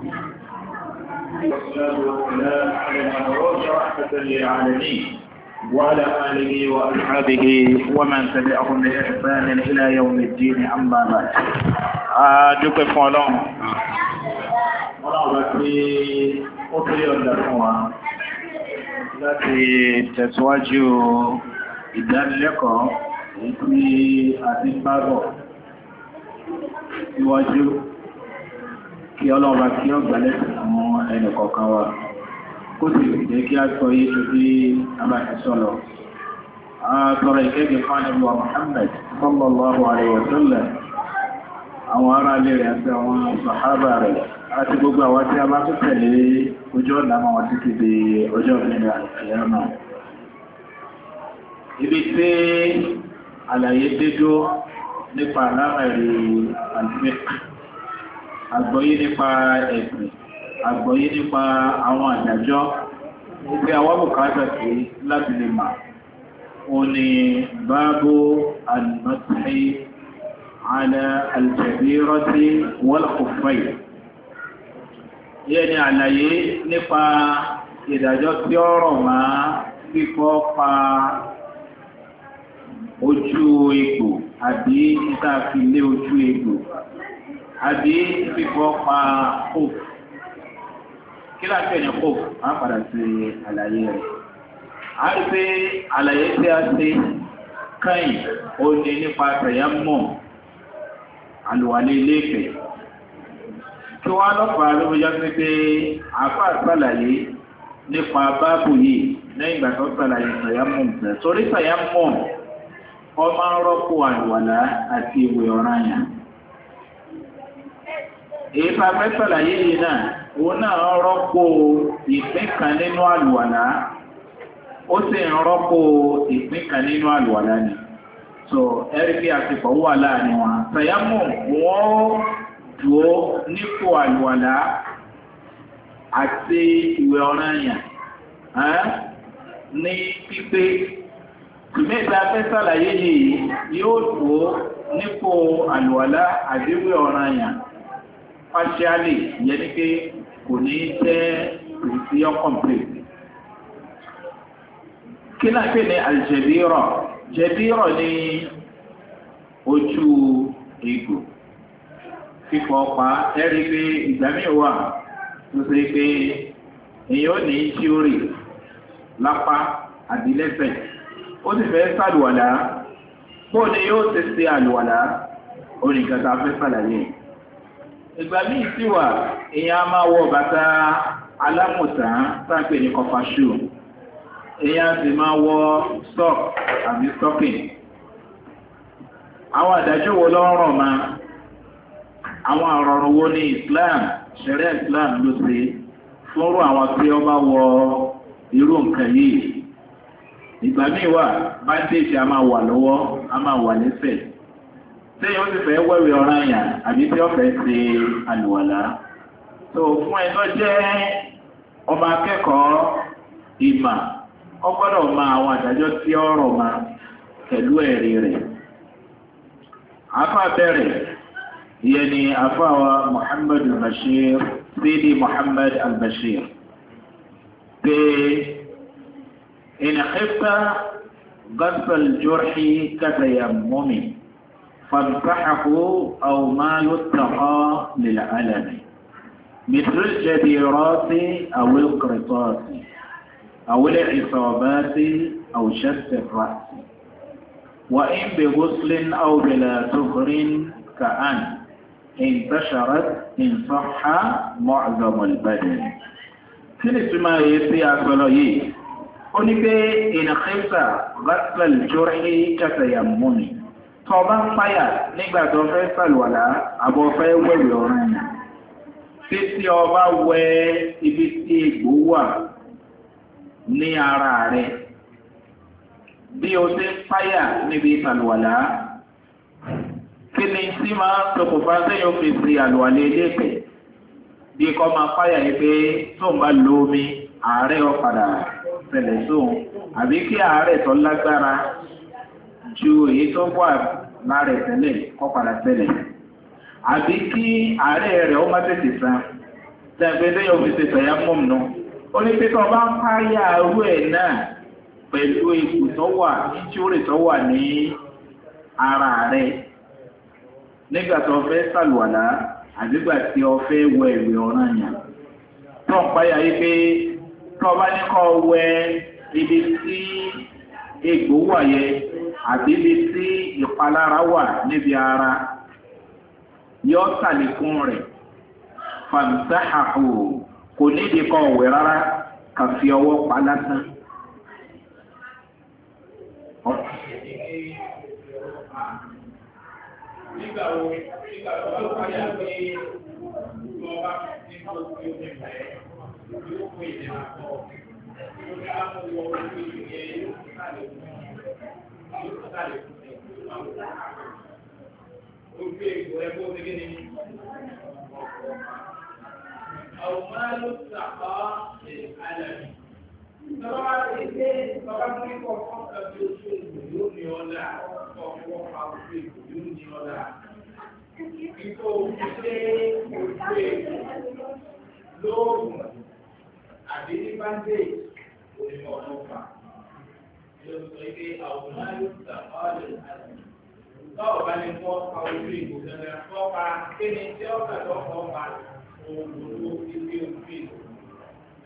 والصلاة والسلام على المبعوث رحمة للعالمين وعلى آله وأصحابه ومن تبعهم بإحسان إلى يوم الدين أما بعد أدوك فولون ọlọ́ọ̀bá tí ó kéré ọ̀dà fún wa láti tẹ̀síwájú ìdánilẹ́kọ̀ọ́ èyí kí ọlọ́ọ̀bá kí ó gbalẹ̀ àwọn ẹnìkọ̀ọ̀kan wa kó sì jẹ́ kí a sọ yé tó bí a máa ti sọ lọ. àtọ̀rọ̀ ìkẹ́gẹ́ fún àdébùwà Muhammad sallallahu alaihi wa sallam àwọn ará ilé rẹ̀ àti àwọn sàhábà rẹ̀ àti gbogbo àwọn tí a bá tó tẹ̀lé ojú ọ̀nà àwọn títí di ọjọ́ ìpínlẹ̀ àìsíyá náà. ibi tí àlàyé dédó nípa àlámẹ̀rí àdúgbò àgbọ́yé nípa ẹ̀sìn àgbọ́yé nípa àwọn àdájọ́ wípé àwọn bùkátà sí láti lè mà ó ní báàbò àlùmọ́sí àlẹ́ àlùjẹ̀bírọ́sí wọ́lọ̀kùnfẹ́yì yẹ́ ni àlàyé nípa ìdájọ́ tí ó rọ̀ mọ́ fífọ́ pa ojú egbò àbí títà ojú egbò àbí fífọ́ pa kóòpù kí láti ẹ̀yàn kóòpù á padà sí àlàyé rẹ̀ a rí pé àlàyé tí a ṣe káyìn ó ní nípa tẹ̀yàmọ̀ àlùwálé iléèfẹ̀ kí wọ́n lọ́pàá ló yá sí pé àfa àṣàlàyé nípa báàbù yìí lẹ́yìn ìgbà tó ṣàlàyé tẹ̀yàmọ̀ bẹ̀rẹ̀ torí tẹ̀yàmọ̀ ọmọ rọ́pò àlùwàlá àti ìwé ọ̀ranyàn èyí bá fẹ́ sàlàyé yìí náà òun náà rọ́pò ìpín kan nínú àlùwàlá ó sì ń rọ́pò ìpín kan nínú àlùwàlá ni so ẹ̀rí bí àsìkò wà láàrin wọn sàyámù wọ́n dúró nípò àlùwàlá àti ìwẹ̀ ọ̀ranyàn ní pípé tùmẹ́ta fẹ́ sàlàyé yìí yóò dúró nípò àlùwàlá àti ìwẹ̀ partially yẹn ni pé kò ní jẹ́ ìsíyọ́ complete. kí náà pè ní aljẹbírọ̀ jẹbírọ̀ ní ojú ìgò fífọ ọ̀pá ẹ̀rí pé ìgbà míì wà tó ṣe pé èèyàn ò ní tí ó rì lápá àdílẹ́sẹ̀ ó sì fẹ́ sàlùwàlá bóun ni yóò ṣe ṣe àlùwàlá oníkan a fẹ́ sàlàyé ìgbà míì sì wà èèyàn á máa wọ bàtà alámùtàn sáàpè ní kọfà ṣù èèyàn á sì máa wọ stock àbí stocking àwọn àdájọ́ wo lọ́rọ̀ máa àwọn àrọ̀rùn wo ni Islam ṣẹ̀rẹ́ Islam ló ṣe fúnrú àwọn tí ó bá wọ irú nǹkan yìí ìgbà míì wà bandage a máa wà lọ́wọ́ a máa wà lẹ́sẹ̀ lẹ́yìn ó ti fẹ́ wẹ̀wẹ̀ ọ̀ràn yàn àbí tí ọ̀fẹ́ ṣe àlùwàlá tó fún ẹ tó jẹ́ ọmọ akẹ́kọ̀ọ́ ìmà ọgbọ́dọ̀ mọ àwọn àdájọ́ tí ọ̀rọ̀ ma pẹ̀lú ẹ̀rí rẹ̀ afa bẹ̀rẹ̀ ìyẹn ni afa wa Muhammad al-Bashir Sidi Muhammad al-Bashir pé ìnìkíta gọ́sọ̀l jọ́rì kàtàyà mọ́mìn. فامسحه أو ما يتقى للألم مثل الجديرات أو القرطات أو العصابات أو شد الرأس وإن بغسل أو بلا سفر كأن انتشرت إن صح معظم البدن kí ما túmọ̀ èyí tí a إن yìí غسل الجرح pé tó bá ń páyà nígbà tó fẹ́ sàlùwàlá àbọ̀ fẹ́ wẹ̀wẹ̀ ọ̀ràn yìí títí ọba wẹ ibi tí egbò wà ní ara rẹ̀ bí o ti ń páyà níbi sàlùwàlá kí ni tí máa ń ṣokùnfà sẹ́yìn fi ṣe àlùwàlá eléèpẹ̀ bí kò máa páyà yìí pé tóun bá lo omi ààrẹ ọ̀padà ṣẹlẹ̀ sóun àbí kí ààrẹ tó lágbára ju èyí tó wà lára ìtẹ́lẹ̀ kọ́ tẹ́lẹ̀ àbí kí ààrẹ rẹ̀ ó má tètè san tẹ́gbẹ́dẹ́ yóò fi ya ó ní pé bá ń káyà ẹ̀ náà pẹ̀lú ikù tó wà ní tí ó rè tó wà ní ara rẹ̀ nígbà tó fẹ́ sàlùwàlá tí fẹ́ ìwé ọ̀ràn yàn ń àbíbi tí ìpalára wà níbi ara yọ sàlékún rẹ̀ fàmsáhàhù kò nídìí kan òwe rárá kà fi ọwọ́ pa lásán. Nígbà wo nígbà wo ló kọjá pé ìjọba ti ń lọ sí omi ìfẹ́ ojú èkó ẹgbẹ́ òṣèké ni ọ̀gbọ́n ló sàkọ́ àlàyé lọ́wọ́ ti dé lọ́wọ́ tó ní kọ́ fún ẹbí oṣù èkó yóò ní ọ̀la 要俾啲後生什麼嘅嘢？當佢哋過後輩冇嘅方法，佢哋將嗰個方法全部變變變。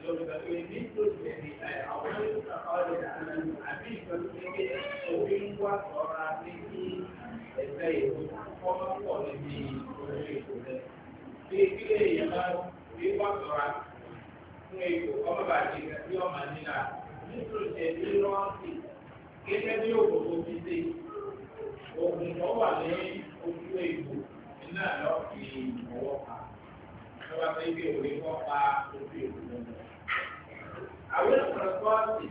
如果佢哋變咗嘅嘢，後生就可能俾佢哋嘅好堅骨啊嘛，呢啲係例如講我哋啲老嘢嚟嘅，呢啲嘢啊，變化咗啊，因為我哋嘅呢個問題啊，變咗嘅嘢。gẹ́gẹ́ bí òkòtò ti dé oògùn tó wà ní ojú ègbò iná lọ fi ọwọ́ pa lọ́wọ́ pé bí òwe wọ́n pa ojú ègbò lọ́wọ́. àwọn ìṣòro kọ́ọ̀sì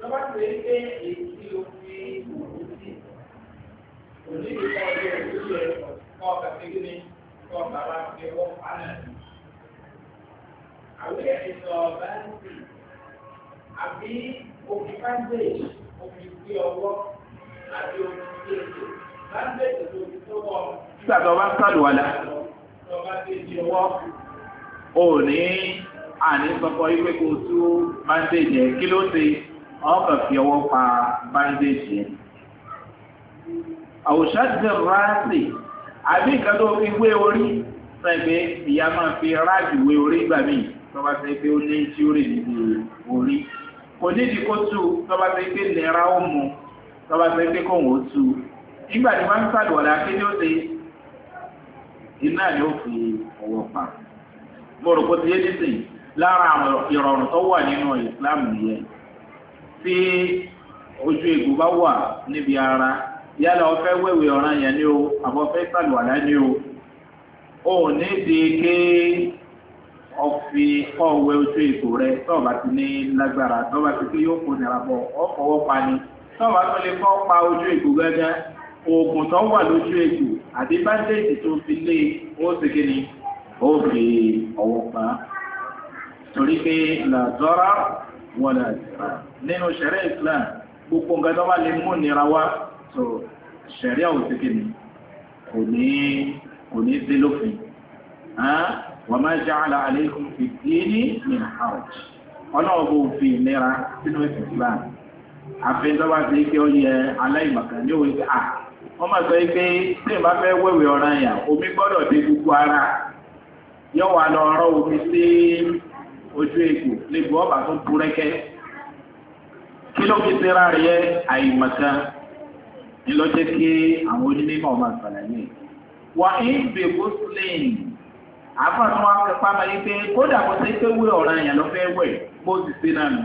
lọ́wọ́ pé pé èyí òfin òkú sí òní ìkọ́ ọjọ́ òkú yẹ kọ́ kàkékeré ní kọ́ bàbá pé wọ́n pa náà ní. àwọn ìṣòro bá ń sìn àbí òkú bá ń bẹ̀rẹ̀ nígbà tó bá ń sàlùwàlà ò ní àní sọpọ ìwé kò tú bandage yẹn kí ló ṣe ọkọ̀ fi ọwọ́ pa bandage yẹn. àwòṣá ti ráàsì àbí nǹkan tó fi wé orí sẹ́gbẹ́ ìyá máa fi ráàjì wé orí gbà míì tó ṣe pé ó ní tí ó rè níbi orí. kò nídìí kó tú tọba tó pé lẹ́ra ó mu tọ́ba tó pé kò wọ́n tú nígbà tí wọ́n ń sàlùwọ̀dà kí ní ó ṣe iná ni ó fi ọwọ́ pa mo rò pé ti yé lára àwọn ìrọ̀rùn tó nínú islam o ni o ò ní di ọ̀fi ọ̀wẹ́ ojú ètò rẹ tọ́ọ̀bà ti ní lágbára tọ́ọ̀bà ti pé yóò kó nira bọ̀ ọ̀fọwọ́ pa ni tọ́ọ̀bà tó lè fọ́ pa ojú ètò gángan oògùn tó wà lójú ètò àbí báńdéèjì tó fi lé ó sì kí ni ó fi ọwọ́ pa torí pé làzọ́rà wọn là jìrà nínú sẹ̀rẹ̀ Islam gbogbo nǹkan tó bá lè mú nira wá tó sẹ̀rẹ̀ ò sì kí ni kò ní kò ní sí lófin. wọ́n máa jẹ́ àlà àlékún ní minhaj ọlọ́ọ̀bù òfin ìlera sínú ìsìn islam àfi dọ́wà sí pé ó ní òwe à wọ́n máa sọ pé tí ìbá fẹ́ wẹ̀wẹ̀ ọ̀ràn yà omi gbọ́dọ̀ dé gbogbo ara yóò wà lọ ọ̀rọ̀ omi sí ojú ọba tó búrẹ́kẹ́ kí ló fi jẹ́ kí àwọn onímọ̀ máa àbá tí wọ́n ti pa láyé pé kódà kó sí pé wé ọ̀ràn èèyàn ló fẹ́ wẹ̀ bó ti sí náà nù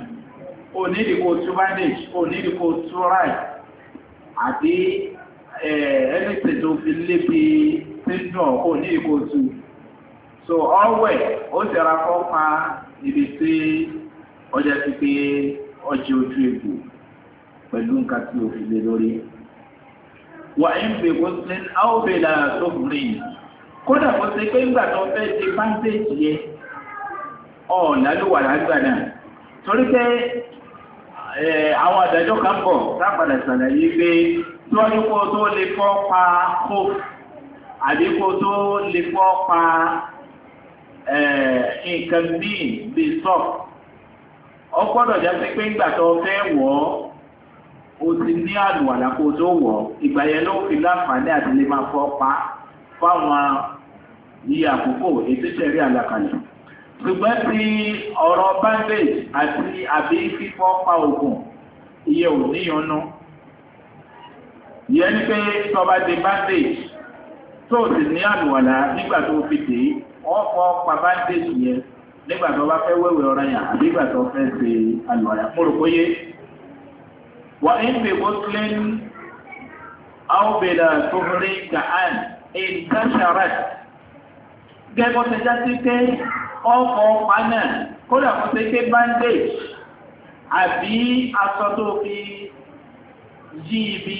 ò ní ìdíkò tú bandage ò ní ìdíkò tú ráì àti ẹni tètè òfin lébi síndùn ò ní ìdíkò tú so ọwẹ́ ó sì ra kọ́ pa ibi tí ọjà ti pé ọjà ojú egbò pẹ̀lú nǹkan tí òfin lé lórí wà ń bè kó sí ní àwọn òbí tó bùrìn yìí. kódà kó ṣe pé ńgbà tó fẹ́ ṣe bandage yẹ ọ̀nà ló wà lágbà torí pé àwọn àdájọ́ kan bọ̀ sápadà ṣàlàyé pé tí wọ́n pa kó àbí kó tó lè fọ́ pa nǹkan bíi bíi sọ́ọ̀ ọ gbọ́dọ̀ já sí pé ńgbà tó fẹ́ o ti ní àlùwàlà kó tó wọ̀ ìgbà pa fáwọn iye àkókò ètò ìṣẹ̀rí àlàkalẹ̀ ṣùgbọ́n ti ọ̀rọ̀ bandage àti àbí fífọ́ pa ògùn iye ò níyànnú yẹn ni pé tọba di bandage tó o sì ní àlùwàlà nígbà tó o fi dé wọ́n fọ́ pa bandage yẹn nígbà tó o bá fẹ́ wẹ̀wẹ̀ ọ̀rọ̀ yẹn àbí ìgbà tó o fẹ́ ṣe àlùwàlà mo rò bóyé wà á ń bè mọ́sílẹ́nu àwọn bèèrè tó rí gàán ìdáṣàrẹ́tì. gẹ́gbọ́ tẹ já sí pé ọkọ̀ panà kódà kó tẹ pé bandage àbí aṣọ tó fi yí ibi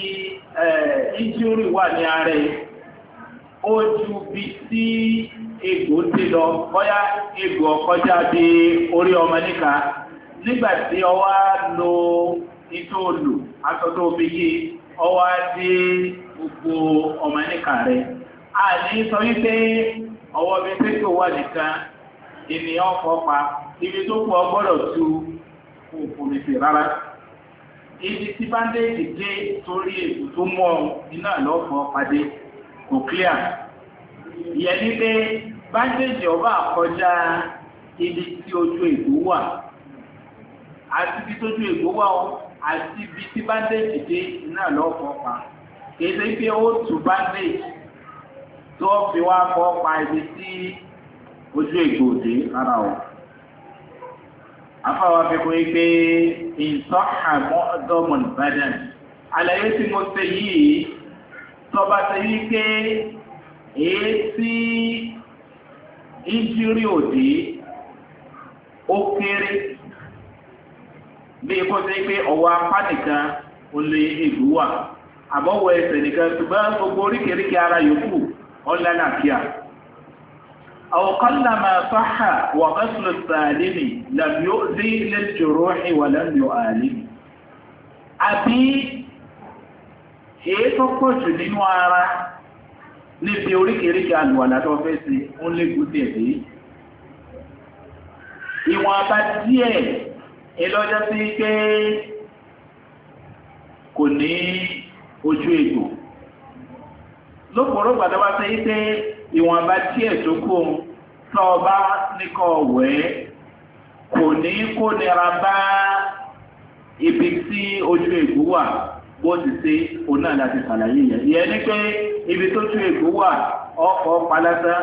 eh, injúrì wà ní ààrẹ ó ju bí tí egbò ti lọ bóyá egbò ọkọjá bí orí ọmọ níka nígbà ọwá lo ìtò olù aṣọ tó fi yí ọwá dé gbogbo ọmọ níka rẹ̀ àní sọ wípé ọwọ́ bíi tẹ́tí wà nìkan ènìyàn fọ́pa ibi tó kù ọgbọ́dọ̀ tu òkú nìfẹ rárá ibi tí báńdéèjì dé torí ètò tó mọ iná lọ́fọ̀ padé kò clear ìyẹn ní pé báńdéèjì ọba àkọjá ibi tí ojú ègbò wà àti ibi tójú ègbò wà ó àti ibi tí báńdéèjì dé iná lọ́fọ̀ pa kì í ṣe pé ó tu báńdéèjì. tó fi wá kọ́ pa ibi tí ojú ègbò dé ara o. afáwa fi kún pé ìtọ́ àmọ́ ọdọ́mọ̀ àlàyé tí mo ṣe yìí tọba ṣe yí pé èyí tí ìjírí òdì ó kéré bí ikú sí pé ọwọ́ apá nìkan ó ọlálàáfíà àwọ̀kọ́lá máa fáhà wà mẹ́sùlù sàálìmì làbí ó dé ilé jòrò ìwà lẹ́nu àálìmì àbí èyí tó pọ̀ jù nínú ara níbi oríkèéríkèé àlùwàlà tó fẹ́ sí ń légún tẹ̀lé ìwọ̀n abá díẹ̀ ìlọ́jọ́ sí pé kò ní ojú egbò lópòrò gbàdọ́bá sẹ́ yí pé ìwọ̀nba díẹ̀ tó kó ń tọ́ọ̀bá níkọ̀ wẹ́ kò ní kó nira bá ibi tí ojú ègbú wà bó ti ṣe òun náà láti ṣàlàyé yẹn ìyẹn ni pé ibi tó ju ègbú wà ọkọ̀ palẹ́sẹ́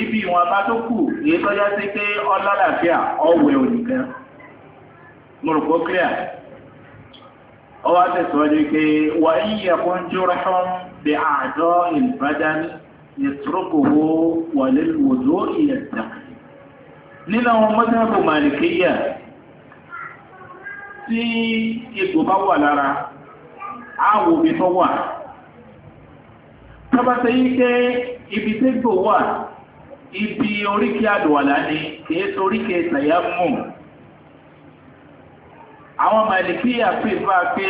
ibi ìwọ̀nba tó kù èyí tọ́já sí pé ọlọ́làfíà ọ̀wẹ̀ ònìkan mo rò pé ó clear ọwọ́ àtẹ̀síwájú pé wà á yíyẹ fún jùrọ̀ fún. بأعضاء البدن يتركه وللوضوء يتقي nínú mọ́tàbù màlìkíyà tí egbò bá wà lára àwò bí tó wà tọ́bátẹ́ yí pé ibi tẹ́gbò wà ibi oríkì àdùwàlá ni kìí toríkì tàyà mú àwọn màlìkíyà pè fà pé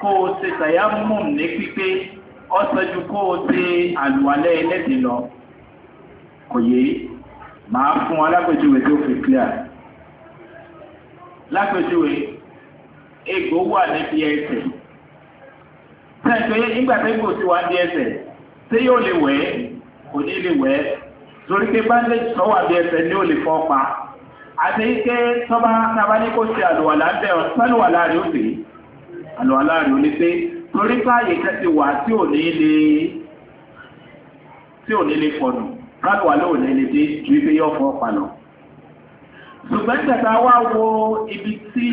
kó o ṣe tàyà mú ní pípé ọ̀sẹ̀jú kó o ti àlùwalẹ̀ ẹlẹ́dẹ̀ lọ kò yé màá fún alápèjúwe tó fi clear lápèjúwe egbò wà níbi ẹsẹ̀ sẹ́ńpẹ́ nígbà tó egbò ti wà ní ẹsẹ̀ ṣé yóò lè wẹ̀ ẹ́ kò ní lè wẹ̀ ẹ́ torí pé bandage tó wà ní ẹsẹ̀ ni ó lè fọ́ pa àti ike tọ́ba tábà ní kó ṣe ọ̀sán àlùwàlá rẹ̀ ó dé àlùwàlá rẹ̀ ó torí káàyè kan ti wà tí ò ní lè tí ò ní lè fọ̀nù rákàwá ló ní lè dé ju ibi yóò fọ́ pa lọ. ṣùgbọ́n tẹ̀ta wá wo ibi tí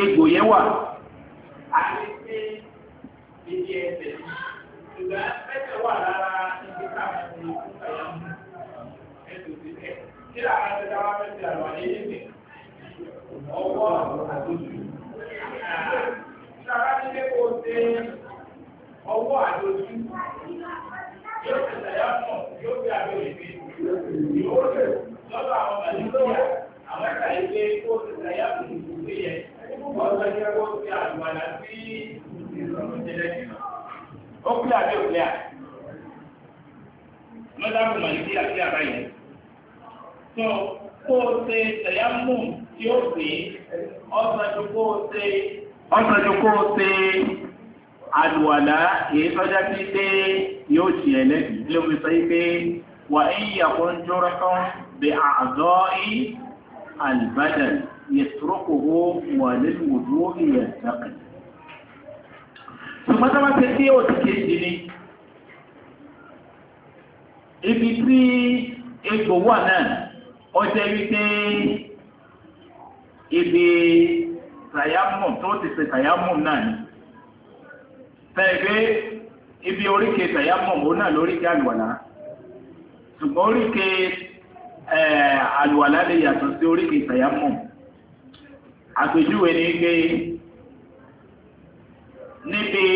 egbò yẹn wà. àti pé sára nílé kó o ṣe ọwọ́ àdójú yóò ṣe ṣàyà yóò fi àbẹ̀ òyìnbí yóò ṣe lọ́dọ̀ àwọn màlúùyà àwọn ẹ̀ka ìgbé kó ṣe ṣàyà mọ̀ yẹ ọ̀sán yẹ kó ṣe sí ó à àbáyé kó ṣe tí ó ọ̀sán kó ṣe. ọ̀sọ̀jú kó o ṣe àlùwàlá èyí tọ́já sí pé yóò ṣì ẹlẹ́bí ló fi sọ pé wà íyà kó ń jọra kan bí àzọ́ í àlùbádàn yẹtùrọ́kòwò wà nínú òdúró ìyẹ̀dàkì. ṣùgbọ́n ibi tàyámùm tó ti ṣe tàyámùm náà ni tẹ̀gbẹ́ ibi oríkè tàyámùm òun náà lóríkè àlùwàlá ṣùgbọ́n oríkè àlùwàlá lè yàtọ̀ sí oríkè tàyámùm àpèjúwe ni pé níbi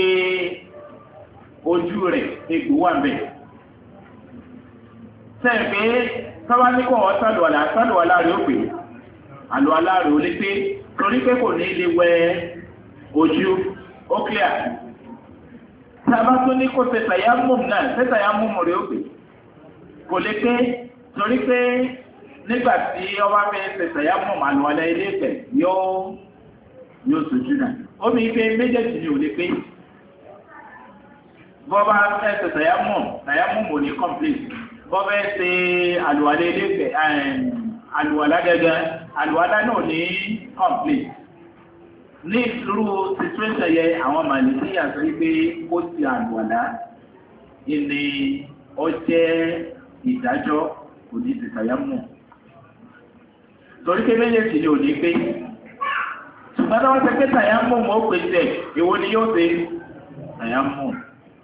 ojú rẹ̀ egbò wà bẹ́ẹ̀ tẹ̀gbẹ́ sábà ní kò wọ́n sàlùwàlá sàlùwàlá rẹ̀ ó pè àlùwàlá rẹ̀ ó lé pé torí pé kò ní lè wẹ ojú ó clear sábà tó ní kó ṣe tàyámùm náà ṣe tàyámùm rẹ̀ ó gbé kò lè pé torí pé nígbà tí ọba fẹ́ ṣe tàyámùm àlùwalẹ̀ ilé ìfẹ́ yóò yóò sojú náà omi ife méjèèjì ni ò lè pé bọ́ba fẹ́ ṣe tàyámùm tàyámùm ò ní complete bọ́ba ṣe àlùwalẹ̀ ilé ìfẹ́ àlùwalẹ̀ gẹ́gẹ́. àlùwádá náà ní complete ní irú situation yẹ àwọn màlìkí àti pé ó ti àlùwádá ìní ìdájọ́ kò ní torí méjèèjì ni ò ní pé ṣùgbọ́n táwọn ṣe pé tàyámù mọ́ pèsè ni yóò ṣe tàyámù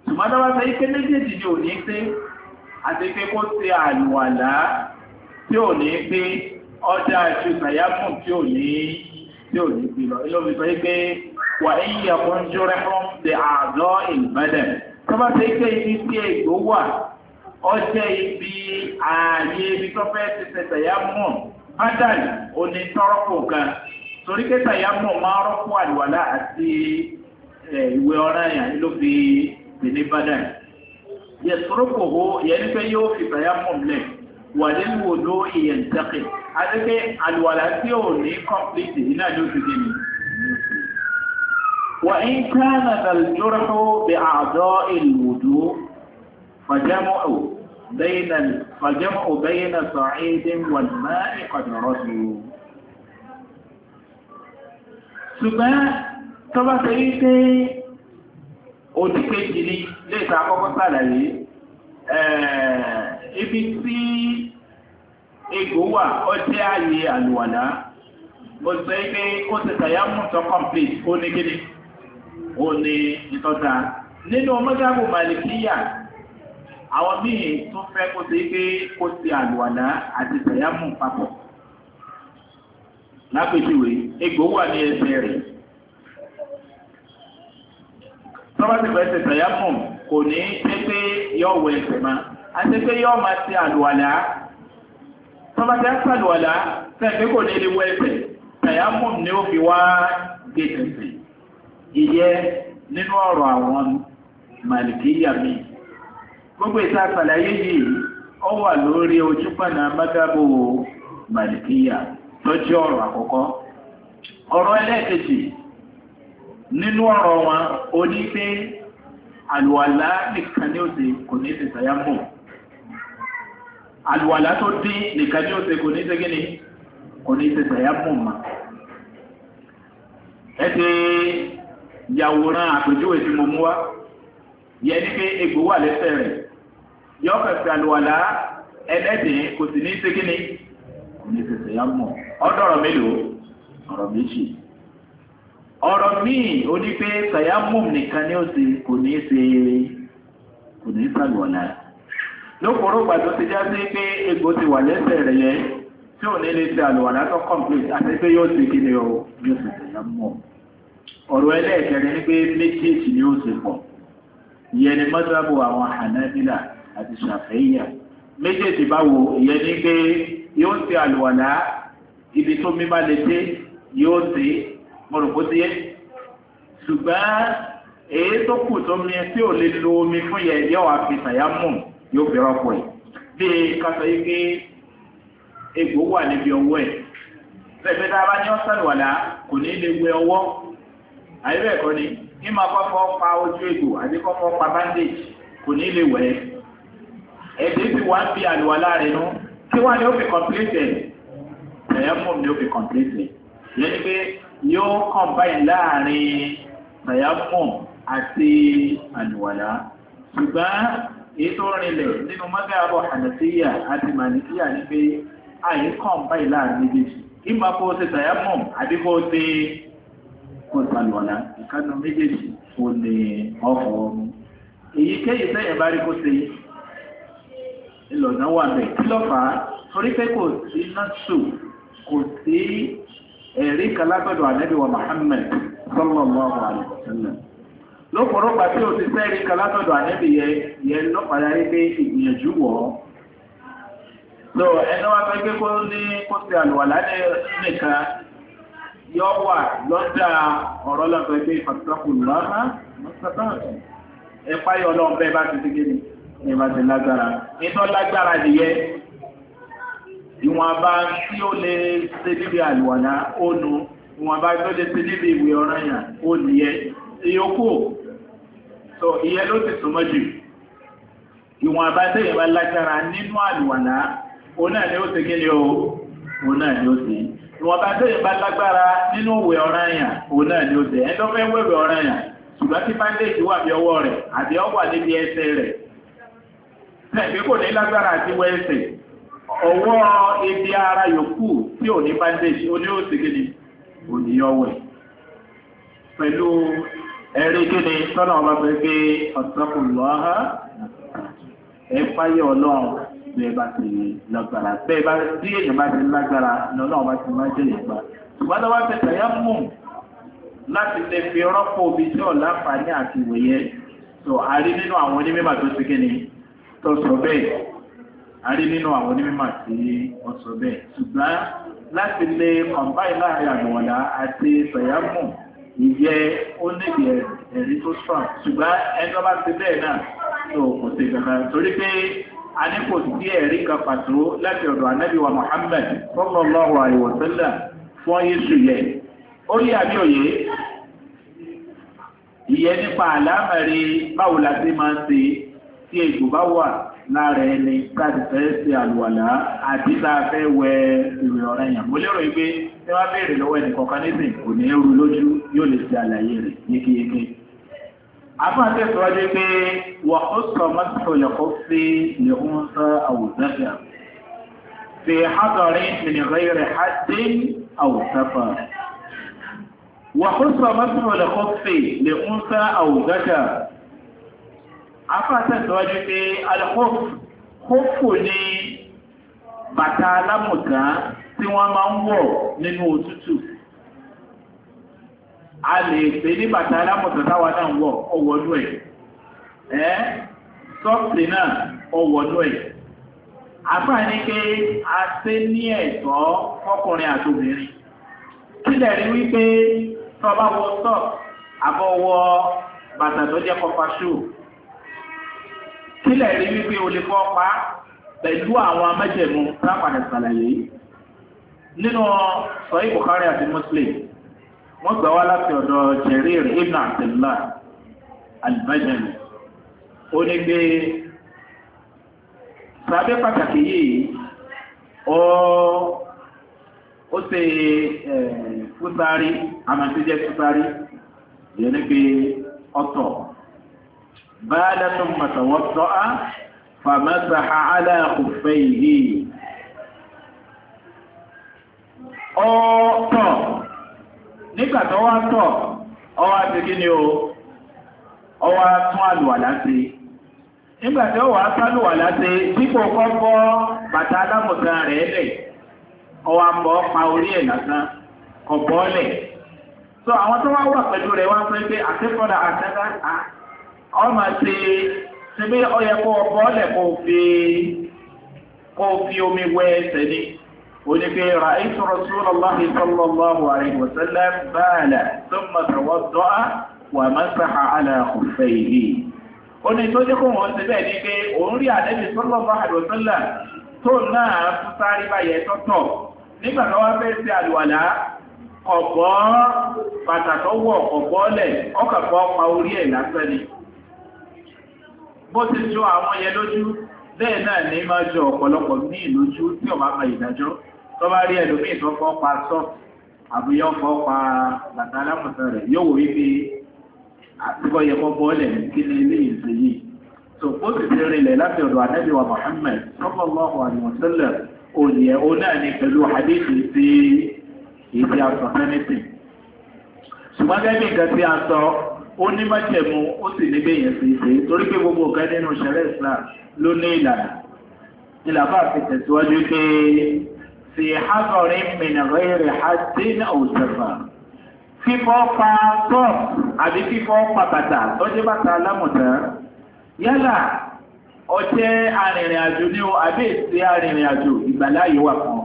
ṣùgbọ́n táwọn ṣe pé méjèèjì ni ò ọjà ètò ìsàyàfún tí ò ní tí ò ní bí lọ ilóbi sọ pé wà ẹ̀yìn ẹ̀kún jórẹ́ fún ti àgọ́ ìbẹ̀dẹ̀ tó bá ṣe pé ibi tí ègbó wà ọjọ́ ibi ààyè ibi tó fẹ́ ti ṣe ìsàyàfún bádàn òní tọ́rọ́pù kan torí pé ìsàyàfún máa rọ́pù àdìwálá àti ìwé ọ̀rẹ́ yẹn ilóbi bìnní bádàn yẹ sọ́rọ́pù yẹn ní pé yóò fi ìsàyàfún lẹ̀ wà nínú odò èèyàn tẹ́kẹ̀ àti pé àlùwàlà tí ò ní kọ́pìlìtì iná ní oṣù gẹ̀mí wà ń kánà tàlùjọ́rọ̀ bí àjọ ìlúdó fàjẹ́mọ̀ bẹ́yìnà sọ̀rọ̀ wàlmá ìkọ̀dọ̀rọ̀ tó ṣùgbọ́n òdíkejì ni lè ta àkọ́kọ́ sàlàyé ẹ̀ẹ́ ibi tí egbò wà ọjẹ́ ààyè àlùwàlá mo sọ pé ó ti tàyà mú tọ́ complete ó ní kíni ó ní ìtọ́ta nínú mọ́gàbù màlìkíyà àwọn míì tún fẹ́ kó ṣe pé kó ti àlùwàlá àti tàyà mú papọ̀ lápèjúwe egbò wà ní ẹsẹ̀ rẹ̀ tọ́wọ́sì fẹ́ ti tàyà mú kò ní pépé yọ̀wọ̀ ẹsẹ̀ máa. àtẹ́kẹ́ yọ́ ma ti àlùwàlá tọ́bátẹ́ àlùwàlá tẹ́ẹ̀kẹ́ kò ní ilé wẹ́ẹ̀pẹ̀ tàyámù ni ó fi wá gẹ̀ẹ́sì ìyẹ́ nínú ọ̀rọ̀ àwọn màlìkíyà mi gbogbo ìta àṣàlàyé yìí ó wà lórí ojúpànà mọ́tàbò malikiya tọ́jú ọ̀rọ̀ àkọ́kọ́ ọ̀rọ̀ ẹlẹ́ẹ̀kejì nínú ọ̀rọ̀ wọn àlùwàlá nìkan ní kò ní ìsìn àlùwàlá tó dín nìkan ní ọ̀sẹ̀ kò ní ṣe kíni kò ní ṣe tẹ̀yà mọ̀ mọ́. ẹ ti yàwòrán àpèjúwe tí mo mú wá yẹ ní pé egbò wà lẹ́sẹ̀ rẹ̀ yọ fẹ̀fẹ̀ àlùwàlá ẹlẹ́dẹ̀ kò sì ní ṣe kíni kò ní ṣe tẹ̀yà mọ̀ ọ̀dọ̀ ọ̀rọ̀ mélòó ọ̀rọ̀ méjì ọ̀rọ̀ míì ó ní pé tẹ̀yà nìkan ní ọ̀sẹ̀ kò ní ṣe kò ní ṣàlùwàlá rẹ̀ lókòrò gbàdó ti já sí pé egbò ti wà lẹ́sẹ̀ rẹ̀ yẹn tí ò ní lè ṣe àlùwàlá tó complete àti pé yóò ti kí ni o yóò sì tẹ̀lé mọ́ ọ̀rọ̀ ẹlẹ́ẹ̀kẹrin ni pé méjèèjì ni ó ti pọ̀ ìyẹn ni mọ́tàbù àwọn Hanabila àti Shafi'iyya méjèèjì báwo ìyẹn ni pé yóò ti àlùwàlá ibi tó mi bá lè dé yóò ti mọ̀rọ̀kó ti yẹ ṣùgbọ́n èyí tó kù tó mi tí ò lè lo omi fún yẹ yóò wá fi tàyà mọ̀ yóò fi rọ́pò ẹ̀ bí kásọ̀ yìí pé egbò wà níbi ọwọ́ ẹ̀ bẹ́ẹ̀ bá ní ọ̀sán ìwàlá kò ní lè wẹ ọwọ́ àyè bẹ́ẹ̀ kọ́ ni ní máa kọ́kọ́ pa ojú egbò àti kọ́kọ́ pa bandage kò ní lè wẹ̀ ẹ̀dẹ́ ti wá ń fi àlùwàlá rẹ̀ nú tí wọ́n ní ó fi complete ẹ̀ ẹ̀yẹ́ fún mi ní ó fi complete ẹ̀ yẹn ni pé yóò combine láàrin ẹ̀yẹ́ fún àti àlùwàlá ṣùgbọ́n èyí ni rinlẹ̀ nínú mọ́gàbọ̀ hànàfíyà àti màlìkíyà ní pé àyè kàn báyìí láàrin méjèèjì ìmọ̀ kó o ṣe tàyámọ̀ àbí kó o ṣe kó o ṣàlùwàlà ìkànnì méjèèjì kó o lè ọ̀fọ̀ ọ̀run èyíkéyìí sẹ́yìn bá rí kó ṣe ìlọ̀nà wà bẹ̀ kí ló fà kò sí nọ́ọ̀sù kò sí ẹ̀rí kan lábẹ́dọ̀ ànábì wa Muhammad sallallahu alaihi lókòrópa tí o ti fẹ́ẹ̀rí kan látọ̀dọ̀ ànẹ́bì yẹ yẹ lọ́pàá rí pé ìgbìyànjú wọ̀ ọ́. so ẹni wá fẹ́ pé kó ní kó ti àlùwàlá ní nìkan yọ wà lọ́dà ọ̀rọ̀ lọ́pẹ́ pé pàtàkì lọ́hà lọ́sàbáàtì ẹ̀pá yọ lọ bẹ́ẹ̀ bá ti dégé ni ẹ̀ bá ti lágbára nítorí lágbára nìyẹn ìwọ̀nba tí ó lè ṣe níbi àlùwàlá ó nu ìwọ̀nba tó lè ṣe níbi ìwé ọ̀ranyàn ó nìyẹn ìyókù so ìyẹn ló ti súnmọ́ jù ìwọ̀n àbáṣẹ́ n'inu lágbára nínú àlùwàlá ni ó ti o òun náà ni ó ti ìwọ̀n àbáṣẹ́ ìwà lágbára nínú òwe ọ̀ranyàn òun ni ó ti ẹ̀ lọ́fẹ́ wẹ̀wẹ̀ ọ̀ranyàn ṣùgbọ́n tí bandage wà bí ọwọ́ rẹ̀ àbí ọwọ́ níbi ẹsẹ̀ rẹ̀ tẹ̀gbẹ́ kò ní lágbára àti wọ ẹsẹ̀ ara yòókù tí ò ní bandage ó ẹ̀rí kí ni sọ́nà ọba fẹ́ gbé ọ̀tọ́kùn lọ́ha ẹ fáyé ọlọ́run bẹ́ẹ̀ bá ti lágbára bẹ́ẹ̀ bá tí èèyàn bá ti lágbára lọ́nà ọba ti máa jẹ́ ìgbà ṣùgbọ́n tó bá ti tẹ̀yà mú láti lè fi rọ́pò omi tí ò láǹfààní àti ìwòye tó a rí nínú àwọn onímọ̀ tó ti bẹ́ẹ̀ ṣùgbọ́n láti lè kọ̀ǹbáì láàrin àgbọ̀nlá àti tẹ̀yà ìyẹ ó níbi ẹ̀rí tó strong ṣùgbọ́n ẹjọ́ bá ti bẹ́ẹ̀ náà tó kò sí kankan torí pé a ní kò sí ẹ̀rí kan pàtó láti ọ̀dọ̀ anábì wa Muhammad sallallahu alaihi wa sallam fún yéṣu yẹ ó yẹ àbí òye ìyẹ nípa àlámẹ̀rí báwo la ti máa ń ṣe tí ègbò bá a fẹ́ wẹ ìwé ọ̀rẹ́yìn tí wọ́n béèrè lọ́wọ́ ẹnì kọ̀ọ̀kan nísìn kò ní ẹrù lójú yóò lè ṣe àlàyé rẹ̀ yékéyéké. afọ àtẹ̀síwájú pé wà ó sọ mọ́tò yọ̀kọ́ sí lẹ́hún sọ àwùjọ́sà fi hádọ̀rin mìnìrẹ́ rẹ̀ há dé àwùjọ́sà. wà ó sọ mọ́tò yọ̀kọ́ sí lẹ́hún sọ àwùjọ́sà. afọ àtẹ̀síwájú pé alẹ́ kófù ní bàtà alámùgá tí wọ́n máa ń wọ̀ nínú òtútù a lè pè ní bàtà alámọ̀tà táwa náà wọ̀ ọwọ́dún ẹ̀ ẹ́ sọ́ọ̀sì náà ọwọ́dún ẹ̀ àbá ní pé a ṣe ní ẹ̀tọ́ fọkùnrin àtòbìnrin sílẹ̀ rí wípé tọ́ba wọ sọ́ọ̀sì àbọ̀wọ́ bàtà tó jẹ́ kọfà ṣóò sílẹ̀ rí wípé o lè fọ́ pa pẹ̀lú àwọn amẹ́jẹ̀mú lápàdà ṣàlàyé yìí nínú sọ̀yìn Bukhari àti Muslim wọ́n gbà wá láti ọ̀dọ̀ Jarir ibn Abdullah al-Bajali ó ní pé sàbẹ́ pàtàkì yìí ó ó ṣe fúsárì àmàtíjẹ́ fúsárì yẹn ní pé ọ̀tọ̀ báyìí lẹ́nu mọ̀tàwọ́tọ́ á fàmẹ́sàá àlẹ́ òfin yìí. ọ̀ọ̀tọ̀ nígbà tó wá tọ̀ ọwọ́ àti kí ni o ọwọ́ tún àlùwàlá sí nígbà tí ọwọ́ àtàlùwàlá dípò kọ́kọ́ bàtà alámọ̀tán rẹ̀ lẹ̀ ọwọ́ àmọ́ pa orí ẹ̀ lásán kọ̀bọ́ọ̀lẹ̀ so àwọn tó wá wà pẹ̀lú rẹ̀ wá pẹ́ pé ọmọ ti ṣe ọyẹ kó ونبي رأيت رسول الله صلى الله عليه وسلم بالا ثم توضأ ومسح على خفيه oni tó jẹ́ kó wọ́n ṣe bẹ́ẹ̀ ni pé òun rí àdẹ́bì sallallahu alaihi wasallam tó náà fún sáré báyẹ̀ tọ́tọ̀ nígbà tó wá fẹ́ sí àlùwàlá ọ̀pọ̀ bàtà wọ̀ ọ̀pọ̀ lẹ̀ ọkàpọ̀ pa orí ẹ̀ lásán ni bó ti jọ àwọn yẹn lójú bẹ́ẹ̀ náà ní máa jọ ọ̀pọ̀lọpọ̀ ní ìlójú tí ó tọ́ba rí ẹlòmíì tó fọ́ pa sọ àbí yọ fọ́ pa bàtà alámọ̀tà rẹ̀ yóò wò wípé àtúbọ̀ yẹ kọ́ bọ́ọ̀lẹ̀ kí ni eléyìí ṣe yìí tó ó sì ti rinlẹ̀ láti ọ̀dọ̀ ànábì wa Muhammad sallallahu alaihi wasallam òní ẹ̀ ó náà ní pẹ̀lú hadith sí ìdí aṣọ mẹ́nìtì ṣùgbọ́n gẹ́gẹ́ bí nǹkan tí a sọ ó ní májẹ̀mú ó sì ní bẹ́yẹn sí ṣe torí pé gbogbo ọ̀gá nínú ṣẹlẹ̀ Islam ló ní ìlànà ìlànà àti tẹ̀síwájú pé fi hátọ̀rí mìnàrí rẹ̀ hátí ní òṣèfà fífọ́ pa tọ́ àbí fífọ́ pa bàtà tó jẹ́ bàtà alámọ̀tá yálà ọjẹ́ arìnrìn àjò ní o àbí èsì arìnrìn àjò ìgbàláyé wà fún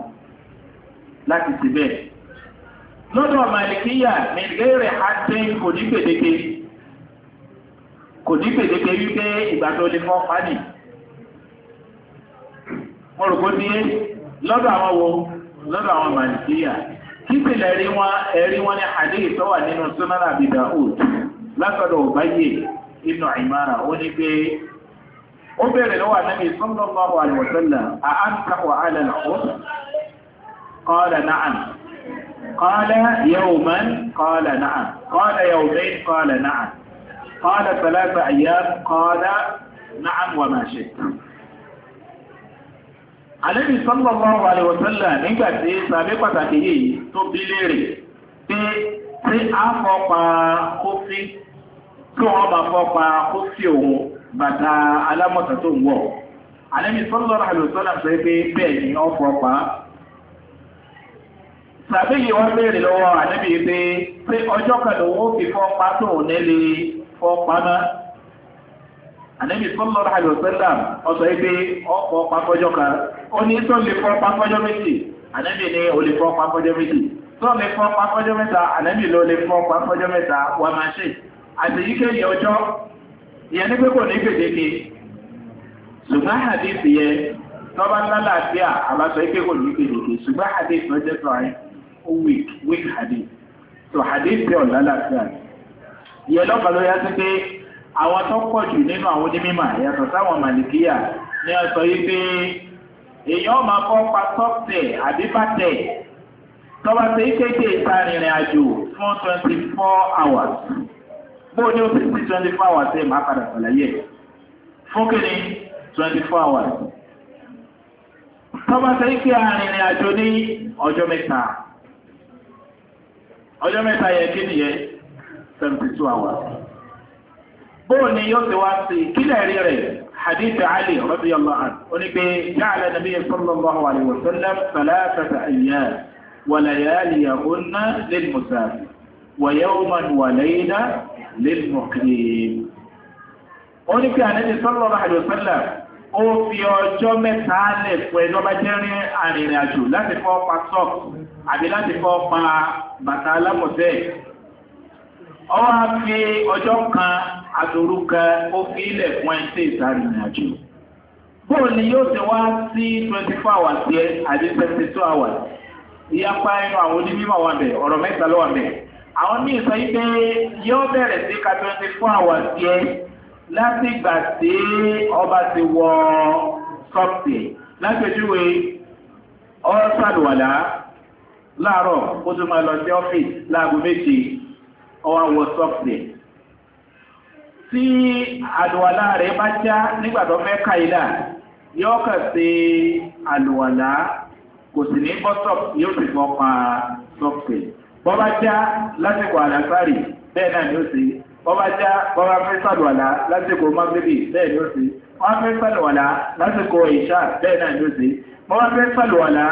láti ti bẹ́ẹ̀ lọ́dọ̀ màlìkíyà mìnàrí rẹ̀ hátí kò ní gbèdéke kò ní gbèdéke wípé ìgbà tó lè fọ́ mo rò kó ní lọ́dọ̀ àwọn wo lọ́dọ̀ àwọn màlìkíyà kíkìlẹ̀ ẹ̀rí wọn ẹ̀rí wọn ní hadith tó wà nínú sunan abi daud látọ̀dọ̀ òbáyé inú ìmára ó ní pé ó bẹ̀rẹ̀ lọ́wọ́ ànábì sallallahu alaihi wa sallam àáńtà wà ala al-khubz qala na'am قال يوما قال نعم قال يومين قال نعم قال ثلاثة أيام قال نعم وما شئت àlẹ́bí sallallahu alaihi wa sallam nígbà tí sàbẹ́ pàtàkì yìí tó bí léèrè pé tí a fọ́pa kófí tí wọ́n bá fọ́pa kófí òun bàtà alámọ̀tà tó ń wọ̀ àlẹ́bí sallallahu alaihi wa sallam sọ pé bẹ́ẹ̀ ni wọ́n fọ́pa sàbẹ́ yìí wọ́n béèrè lọ́wọ́ àlẹ́bí pé pé ọjọ́ kan lòun ó fi fọ́pa tóun nílé ànẹ́bì sọ́lọ́ ráyọ̀ sẹ́lá ọ̀sọ̀ ibi ọkọ̀ pápọ́jọ́ kan ó ní tó lè fọ́ pápọ́jọ́ méjì ànẹ́bì ní o lè fọ́ pápọ́jọ́ méjì tó lè fọ́ pápọ́jọ́ mẹ́ta ànẹ́bì ló lè fọ́ pápọ́jọ́ mẹ́ta wà máa ṣe àtẹ̀yíkéyìí ọjọ́ ìyẹn ní pé kò ní gbèdéke ṣùgbọ́n àdéhùn yẹn tọ́ba ńlá làbíà àbáṣọ ike kò ní gbèdéke ṣùgbọ́n àdéhùn ló jẹ́ sọ̀rọ̀ ó wík wík àdéhùn tó àdéhùn yẹn ọ̀lá làbíà yẹn lọ́kàlóyá sí pé àwọn tó pọ̀ jù nínú àwọn onímọ̀ yàtọ̀ sáwọn màlìkíyà ni a sọ yí ma kọ́ pa tọ́pẹ̀ àbí bàtẹ̀ tọ́ba ṣe kéèké ìta àjò fún twenty four hours bó ní o ti sí twenty four hours ẹ̀ máa padà sàlàyé fún kíni twenty four hours tọ́ba ṣe kéèké arìnrìn àjò ní ọjọ́ mẹ́ta ọjọ́ mẹ́ta yẹ bóun ni yóò ti wá sí kílẹ̀ rí rẹ̀ hadith ali radiyallahu anhu onígbé ja'ala nabiy sallallahu alayhi wa sallam thalathata ayyam wa layaliyahunna lil musafir wa yawman wa layla lil muqim onígbé anabi sallallahu alayhi wa sallam ó fi ọjọ́ mẹ́ta lẹ̀ pẹ̀lú ọba jẹ́rin arìnrìn àjò láti fọ́ àdorúkẹ ó fi ilẹ̀ fún ẹ sí ìrìnàjò bóò ni yóò ti wá sí twenty four hours yẹ àbí twenty two hours ìyapa inú àwọn onímọ̀ wà bẹ̀ ọ̀rọ̀ mẹ́ta ló wà bẹ̀ àwọn míì sọ yí pé yóò bẹ̀rẹ̀ sí ka twenty four hours yẹ láti ìgbà tí ọba ti wọ sọ́ọ̀tì láti ojúwe ọ́sàdùwàlá láàárọ̀ kó tó máa lọ sí ọ́fíìsì láago méje ọwọ́ sọ́ọ̀tì tí àlùwàlá rẹ̀ bá já nígbàtọ́ fẹ́ kàílà yóò kà sí àlùwàlá kò sì ní bọ́sọ̀p yóò sì fọ́ pa sọ́pẹ̀ bọ́bá já lásìkò àlásárì bẹ́ẹ̀ náà ni ó sì bọ́bá já bọ́bá fẹ́ sàlùwàlá lásìkò mágbébì bẹ́ẹ̀ ni ó sì wọ́n fẹ́ sàlùwàlá lásìkò ìṣà bẹ́ẹ̀ náà ni ó sì bọ́bá fẹ́ sàlùwàlá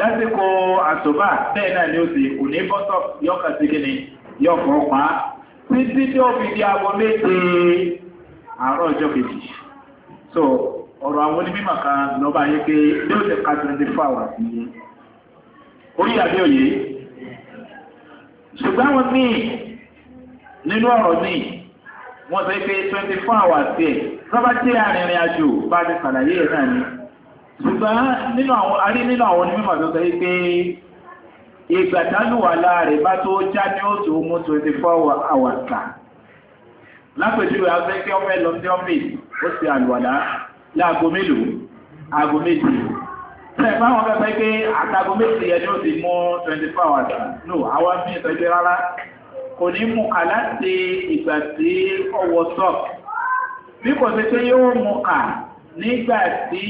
lásìkò àsùbá bẹ́ẹ̀ náà ni ó sì kò ní bọ́sọ̀p yóò kà sí kíni yóò fọ́ pa títí tí ó fi di so ọ̀rọ̀ àwọn onímọ̀ kan lọ́ba yé pé yóò tẹ̀ ká twenty four hours ní orí àbí òye ṣùgbọ́n àwọn míì nínú ọ̀rọ̀ míì wọ́n sọ pé twenty four hours tiẹ̀ lọ́ba tí arìnrìn àjò bá ti ṣàlàyé ẹ̀ náà ni ṣùgbọ́n nínú àwọn arí tó sọ pé ìgbà tánú wà láàrin bá tó jáde ó tó mú 24 hours ká lápẹjúwe afẹ́kẹ́ ọmọ ẹ̀ lọ sí ọ́fíìsì ó ti àlùwàlá láago mélòó aago méjì tẹ̀ báwọn pẹ́pẹ́ pé àtàgo méjì yẹn ó ti mú 24 hours ká no àwọn bí ìtọ́jú rárá kò ní mú ká láti ìgbà tí ọwọ́ sọ́ọ̀kì bí kò sí pé yóò mú ká nígbà tí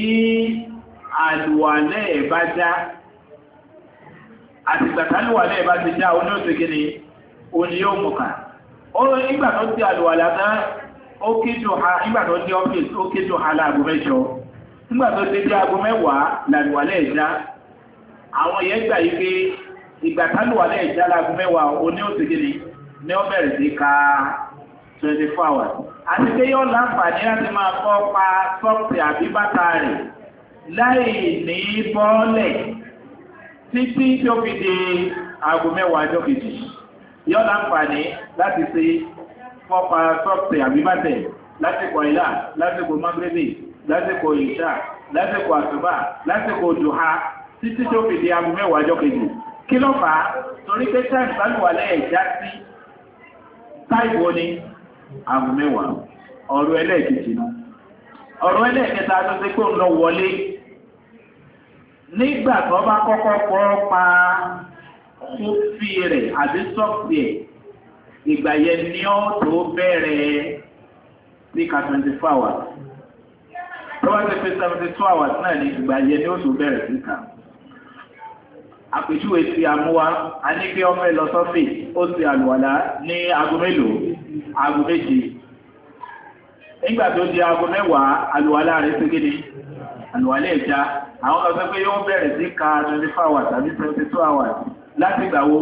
àlùwàlá ẹ̀ bá já àti gbàtánù wà lẹ́ẹ̀ bá ti dá oní òṣèké ni oní yóò mú kàn ó nígbà tó ti àlùwàlà tán ó kéjò ha nígbà tó dé ọ́fíìsì ó kéjò ha láago mẹ́jọ nígbà tó ti dé aago mẹ́wàá làlùwàlẹ̀ ẹ̀dá àwọn yẹn gbà yí pé ìgbà tálùwàlẹ̀ ẹ̀dá láago mẹ́wàá oní òṣèké ni ní ó sí ka twenty four hours àti pé yóò láǹfààní láti máa kọ́ pa sọ́ọ̀tì àbí rẹ̀ láì ní bọ́ọ̀lẹ̀ títí tí ó fi di aago mẹ́wàá ọjọ́ kejì yọ láǹfààní láti ṣe fọ́pa sọ́ọ̀tì àbíbàtẹ̀ lásìkò ìlà lásìkò mágírẹ́bì lásìkò ìṣà lásìkò àsùbà lásìkò dùhà títí tí ó fi di aago mẹ́wàá ọjọ́ kejì kí ló fà á torí pé táì sálùwàlẹ̀ ẹ̀já sí táì wo ni aago mẹ́wàá ọ̀rọ̀ ẹlẹ́ẹ̀kejì náà ọ̀rọ̀ ẹlẹ́ẹ̀kẹta tó ṣe pé òun lọ wọlé nígbà tó bá kọ́kọ́ pọ́ pa kófì rẹ̀ àbí sọ́ọ̀kì ẹ̀ ìgbà yẹn ni ó tó bẹ̀rẹ̀ níka twenty four hours tó bá ti fi seventy two hours náà ní ìgbà yẹn ni ó tó bẹ̀rẹ̀ síta àpèjúwe ti àmúwa a ní pé ọmọ ẹlọ sọfì ó ti àlùwàlá ní aago mélòó aago méje nígbà tó di aago mẹ́wàá àlùwàlá rẹ̀ ṣe kéde àlùwàlẹ̀ ìjà àwọn ọ̀sẹ̀ pé yóò bẹ̀rẹ̀ sí ka 24 hours tàbí 22 hours láti gbàwó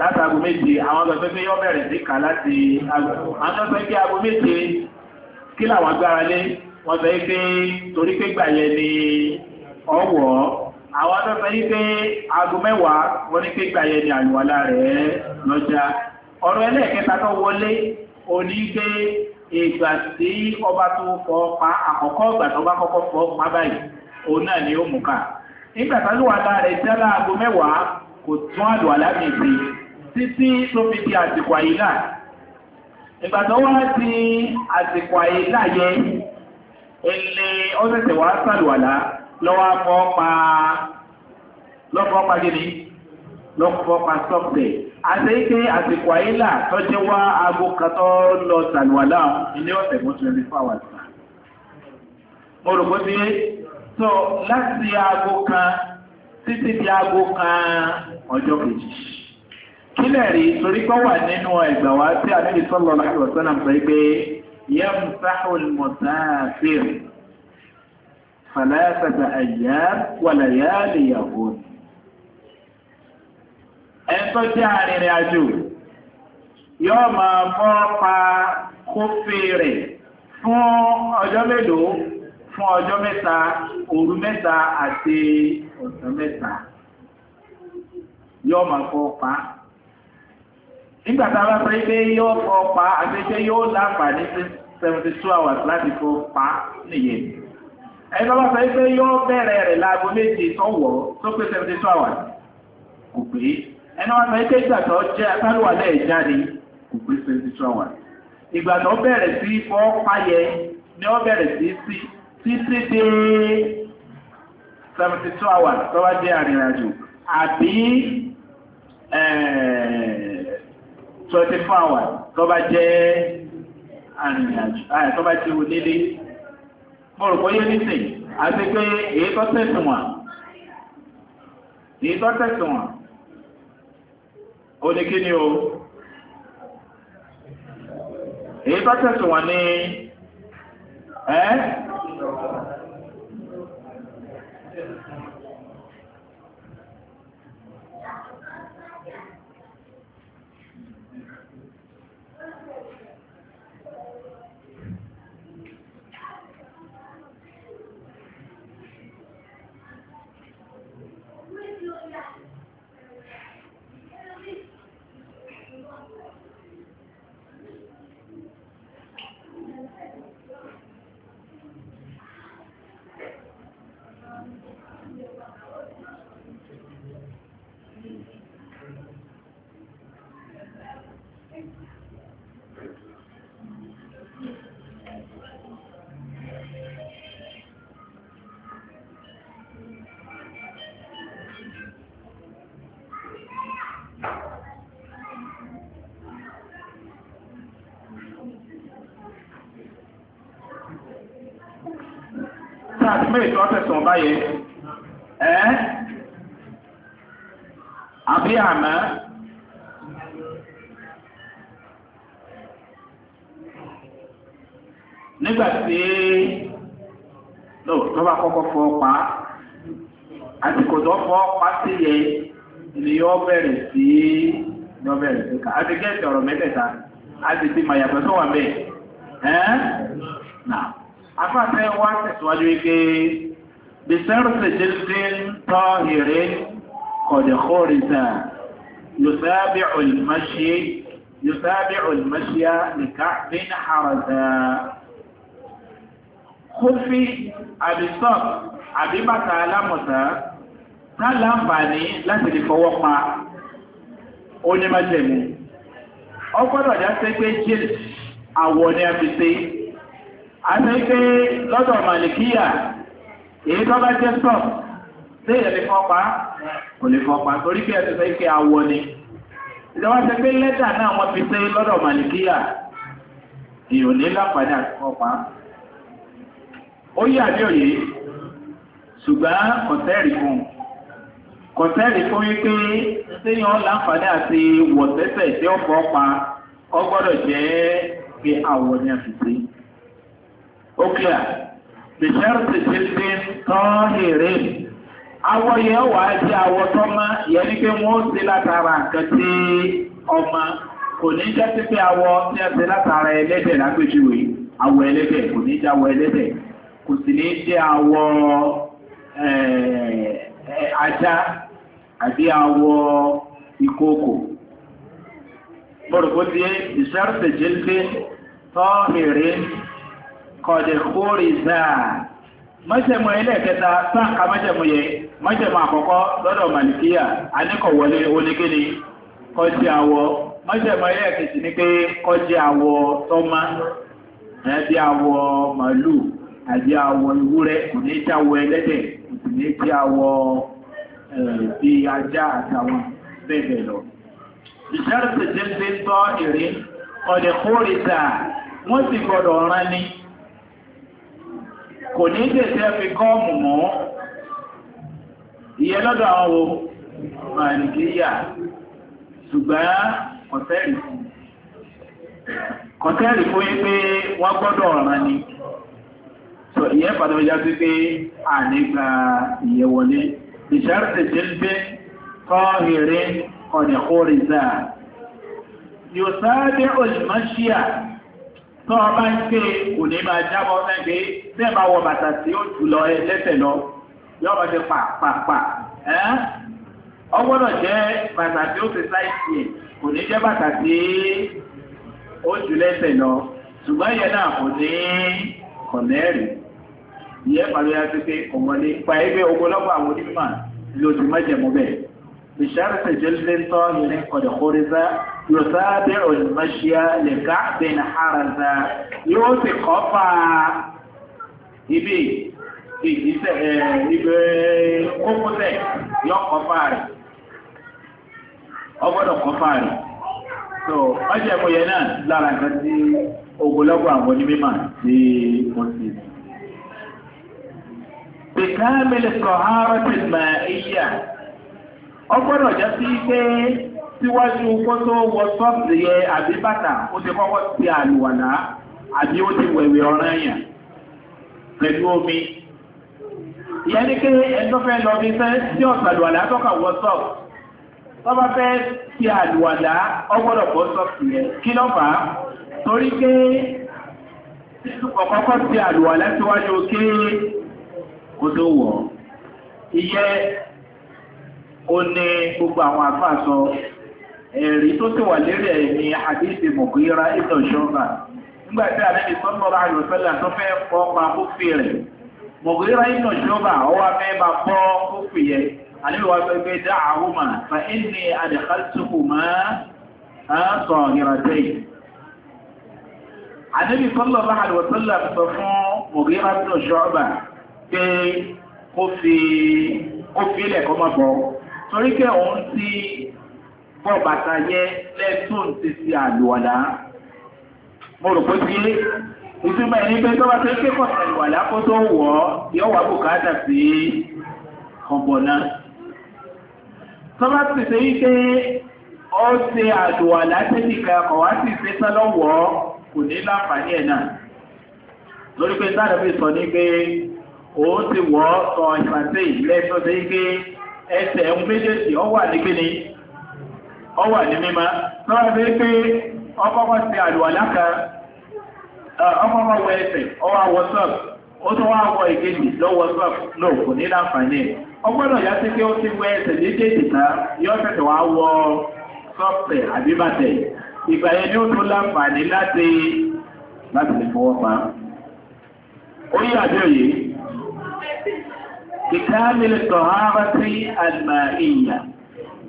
láti aago méje àwọn ọ̀sẹ̀ pé yóò bẹ̀rẹ̀ sí ka láti àwọn ọ̀sẹ̀ pé aago méje kí làwọn agbára lé wọ́n sọ pé torí pé gbà yẹn ni ọ̀wọ́ àwọn ọ̀sẹ̀ yìí pé aago mẹ́wàá wọ́n ní pé gbà yẹn ni àlùwàlá rẹ̀ lọ́jà ọ̀rọ̀ ẹlẹ́ẹ̀kẹta tó wọlé òní pé ìgbà tí ọba tó fọ́ pa àkọ́kọ́ ìgbà tó bá kọ́kọ́ fọ́ pa báyìí òun náà ni ó mú ká nígbà tálùwàlá rẹ̀ jẹ́ láago mẹ́wàá kò tún àlùwàlá mi sí títí tó fi di àsìkò àyílà ìgbà tó wá sí àsìkò àyílà yẹn ilé ọ́sẹ̀sẹ̀ wá sàlùwàlá lọ́wọ́ fọ́ pa lọ́fọ́ pa gíní lọ́fọ́ pa sọ́ọ̀tẹ̀ àtẹ́yíké àsìkò àyílà tó jẹ́ wá aago kan tó lọ sàlùwàlá ilé ọ̀sẹ̀ mọ́ twenty four hours. mo rò bó ti tó láti aago kan títí di aago kan ọjọ́ kejì. kílẹ̀ rí torí pé wà nínú ẹ̀gbà wá tí àdébí sọ́lọ́ lọ́sọ̀rọ̀ sọ́nà sọ pé yẹ́n sáhùn mọ̀tàfíìr fàlàyà àyà wàlàyà lè yàgò ni ẹ̀tọ́ jẹ́ arìnrìn àjò yóò máa fọ́ pa kófì rẹ̀ fún ọjọ́ mélòó fún ọjọ́ mẹ́ta òru mẹ́ta àti ọ̀sán mẹ́ta yóò máa fọ́ pa nígbà tá a bá sọ pé yóò fọ́ pa àgbẹ̀jẹ́ yóò láǹfààní sí seventy two hours láti fọ́ pa nìyẹn ẹ̀ka bá sọ pé yóò bẹ̀rẹ̀ rẹ̀ láago méje tó wọ̀ tó pé seventy two hours kò pé ẹni wọ́n sọ ike ìgbà tó jẹ́ apálùwà lẹ́ẹ̀ jáde kò pé twenty two hours ìgbà tó bẹ̀rẹ̀ sí fọ́ páyẹ ni ó bẹ̀rẹ̀ sí sí títí dé seventy two hours tó wá jẹ́ arìnrìnàjò àbí twenty four hours tó bá jẹ́ arìnrìnàjò eh, eh, tó bá jẹ́ onílé mo rò pé yóò ní sìn àti pé èyí tó tẹ̀sùn wọn èyí tó tẹ̀sùn wọn ó ní kí ni o èyí bá tẹ̀sùn wọn ní ẹ́ àti mẹ́rin tí ẹ́ àbí àná nígbà tí lò kọ́kọ́ fọ́ pa àsìkò tó fọ́ pa sí yẹ ni yóò bẹ̀rẹ̀ sí yóò bẹ̀rẹ̀ sí ká àti gẹ́ẹ̀sì ọ̀rọ̀ mẹ́tẹ̀ẹ̀ta àti ti màyàtọ̀ tó àfáàtẹ́ wá tẹ̀síwájú wípé bẹ̀sẹ̀rùsẹ̀ jẹ́lẹ́dẹ́ tọ́ ìrẹ́ kọ̀dẹ̀kọ́rìta yòsáàbí olùmọ́ṣíyá nìká bí ní àrọ̀ta kófí àbìsọ́p àbíbàtà alámọ̀ta tààlàǹfààní láti lè fọwọ́ pa onímọ̀jẹ̀mú ọgbọ́dọ̀ já sí pé jíl àwọ̀ ni a fi ṣe àti pé lọ́dọ̀ màlìkíyà èyí tó bá jẹ́ sọ sí ìyẹn lè kò lè torí awọ ni ìjọba ṣe pé lẹ́tà náà wọ́n fi ṣe lọ́dọ̀ màlìkíyà èyí ò ní láǹfààní àti ó òye ṣùgbọ́n fún láǹfààní àti wọ̀tẹ́tẹ̀ tí ó ọgbọ́dọ̀ ó kíá bìṣẹ́rìtì ti yẹn wà awọ yẹn pé wọ́n látara nǹkan tí ọmọ kò ní jẹ́ pé awọ tí a ti látara ẹlẹ́dẹ̀ awọ kò ní awọ kò sì ní jẹ́ awọ eh, eh, ajá kọ̀dẹ̀ kórè záà mọ́jẹ̀mọ̀ ilẹ̀ kẹta sáàkà mọ́jẹ̀mọ̀ yẹ mọ́jẹ̀mọ̀ àkọ́kọ́ lọ́dọ̀ màlìkíyà aníkọ̀wọlé oníkíni kọjí àwọ mọ́jẹ̀mọ̀ ilẹ̀ kejì ní pé kọjí àwọ tọ́mà ẹbí àwọ màlúù àbí àwọ ewúrẹ́ kò ní jáwọ ẹlẹ́dẹ̀ kò ní jí àwọ bí ajá àtàwọn bẹ́ẹ̀ bẹ́ẹ̀ lọ ìṣẹ́rìsì jẹ́ pé tọ́ ìrìn kọ̀dẹ̀ kórè wọ́n sì gbọ́dọ̀ ọ̀rán ni kò ní tẹ̀sẹ̀ fi gọ́ọ̀mù mọ́ ìyẹn lọ́dọ̀ àwọn wo mànìkíyà ṣùgbọ́n kọ̀tẹ́ẹ̀lì fún kọ̀tẹ́ẹ̀lì fún yín pé wọ́n gbọ́dọ̀ ọ̀ràn ni sọ ìyẹn padà wọ́n pé ànígbà ìyẹn wọlé ìṣàrùtẹ̀ tí ń gbé tọ́hìnrín ọ̀nà kórìíra yóò sáábẹ́ olùmọ́ṣíà tọ́ ọ bá ń ké kò ní máa jábọ́ lẹ́gbẹ̀ẹ́ bẹ́ẹ̀ bá wọ bàtà tí ó jù lọ ẹ lẹ́sẹ̀ lọ yóò bá ṣe pa pa pa ẹ́ ọ gbọ́dọ̀ jẹ́ bàtà tí ó ti sáìsì ẹ̀ kò ní jẹ́ bàtà tí ó jù lẹ́sẹ̀ lọ ṣùgbọ́n ìyẹn náà kò ní kọ̀nẹ́rì ìyẹn pàlọ́ ya ti pé ọ̀wọ́lé pa ẹgbẹ́ ogunlọ́gbọ̀ àwọn onímọ̀ lòdì mọ́jẹ̀mú bẹ́ẹ̀ bìṣàrẹ́sẹ̀ jẹ́ lẹ́ńtọ́ yẹn kọ̀dẹ̀kọ́rẹ́sà yòsáàbẹ̀ olùmọ̀ṣíà lè káàbẹ̀ ní àràdà yóò ti ibi ìgbésẹ̀ ibẹ̀ kókósẹ̀ so ọjọ́ ẹ̀kọ́ yẹn náà lára nǹkan tí ogunlọ́gbọ̀ àwọn onímọ̀ tí wọ́n ti ní. bìkáàmìlì kọ̀hárọ̀ ọgbọ́dọ̀ jẹ́ síwájú kó tó wọ sọ́ọ̀sì yẹ àbí bàtà ó ti kọ́kọ́ ti àlùwàlá àbí ó ti wẹ̀wẹ̀ ọ̀ràn yẹn pẹ̀lú omi. ìyá ní kí ẹjọ́ fẹ́ lọ bí sẹ́ tí ọ̀sán àlùwàlá tọ́ka wọ sọ́ọ̀sì tọ́ba fẹ́ ti àlùwàlá ọgbọ́dọ̀ bọ́ sọ́ọ̀sì yẹn kí ló fà á torí pé ọ̀kọ́kọ́ ti àlùwàlá síwájú kí kó tó wọ̀ ìyẹ́ ó ní gbogbo àwọn àfáà sọ ẹ̀rí tó ti wà lérí ẹ̀ ní àdéhìí mọ̀kúyẹ́ra ìtàn ṣọ́ọ̀bà nígbà tí àdéhìí sọ́ńdọ̀rọ̀ àlùfẹ́lá tó fẹ́ kọ́ pa kófì rẹ̀ mọ̀kúyẹ́ra ìtàn ṣọ́ọ̀bà ọwọ́ fẹ́ bá bọ́ kófì yẹ àlewà gbẹgbẹ dá àhùmà fa ẹni àdìkálùtùkù máa ń sọ ìrọ̀tẹ́yìn. àdéhìí sọ́ńdọ̀rọ̀ àlùfẹ́lá sọ fún mọ̀kúyẹ́ra ìtàn ṣọ́ọ̀bà pé kófì kófì lẹ̀ kọ́ máa bọ̀ bọ́ bàtà yẹ lẹ́tún ti ti àlùwàlá mo rò pé sí ìtumọ̀ ẹni pé tó bá tó ké kọ̀ àlùwàlá kó tó wọ̀ ọ́ yóò wá bùkátà sí ọ̀bọ̀n náà tó bá ti ṣe wípé ó ṣe àlùwàlá tẹ́nìkan kọ̀ wá sì ṣe tán lọ́wọ́ kò ní láǹfààní ẹ̀ náà lórí pé sáà lọ́bí sọ ní pé òun ti wọ̀ ọ́ sọ ìfàṣẹ́ ìlẹ́sọ̀ sí pé ẹsẹ̀ méjèèjì ọ wà ọ wà ní mímá lọ́wọ́ bí pé ọkọ̀kọ́ sí àlùwàlá ọkọ̀kọ́ wọ ẹsẹ̀ ọwọ́ àwọ̀ ó tún wá wọ ìkejì lọ́wọ́ lóòkù ní láǹfààní ọgbọ́dọ̀ yá sí pé ó ti wọ ẹsẹ̀ méjèèjì tán yóò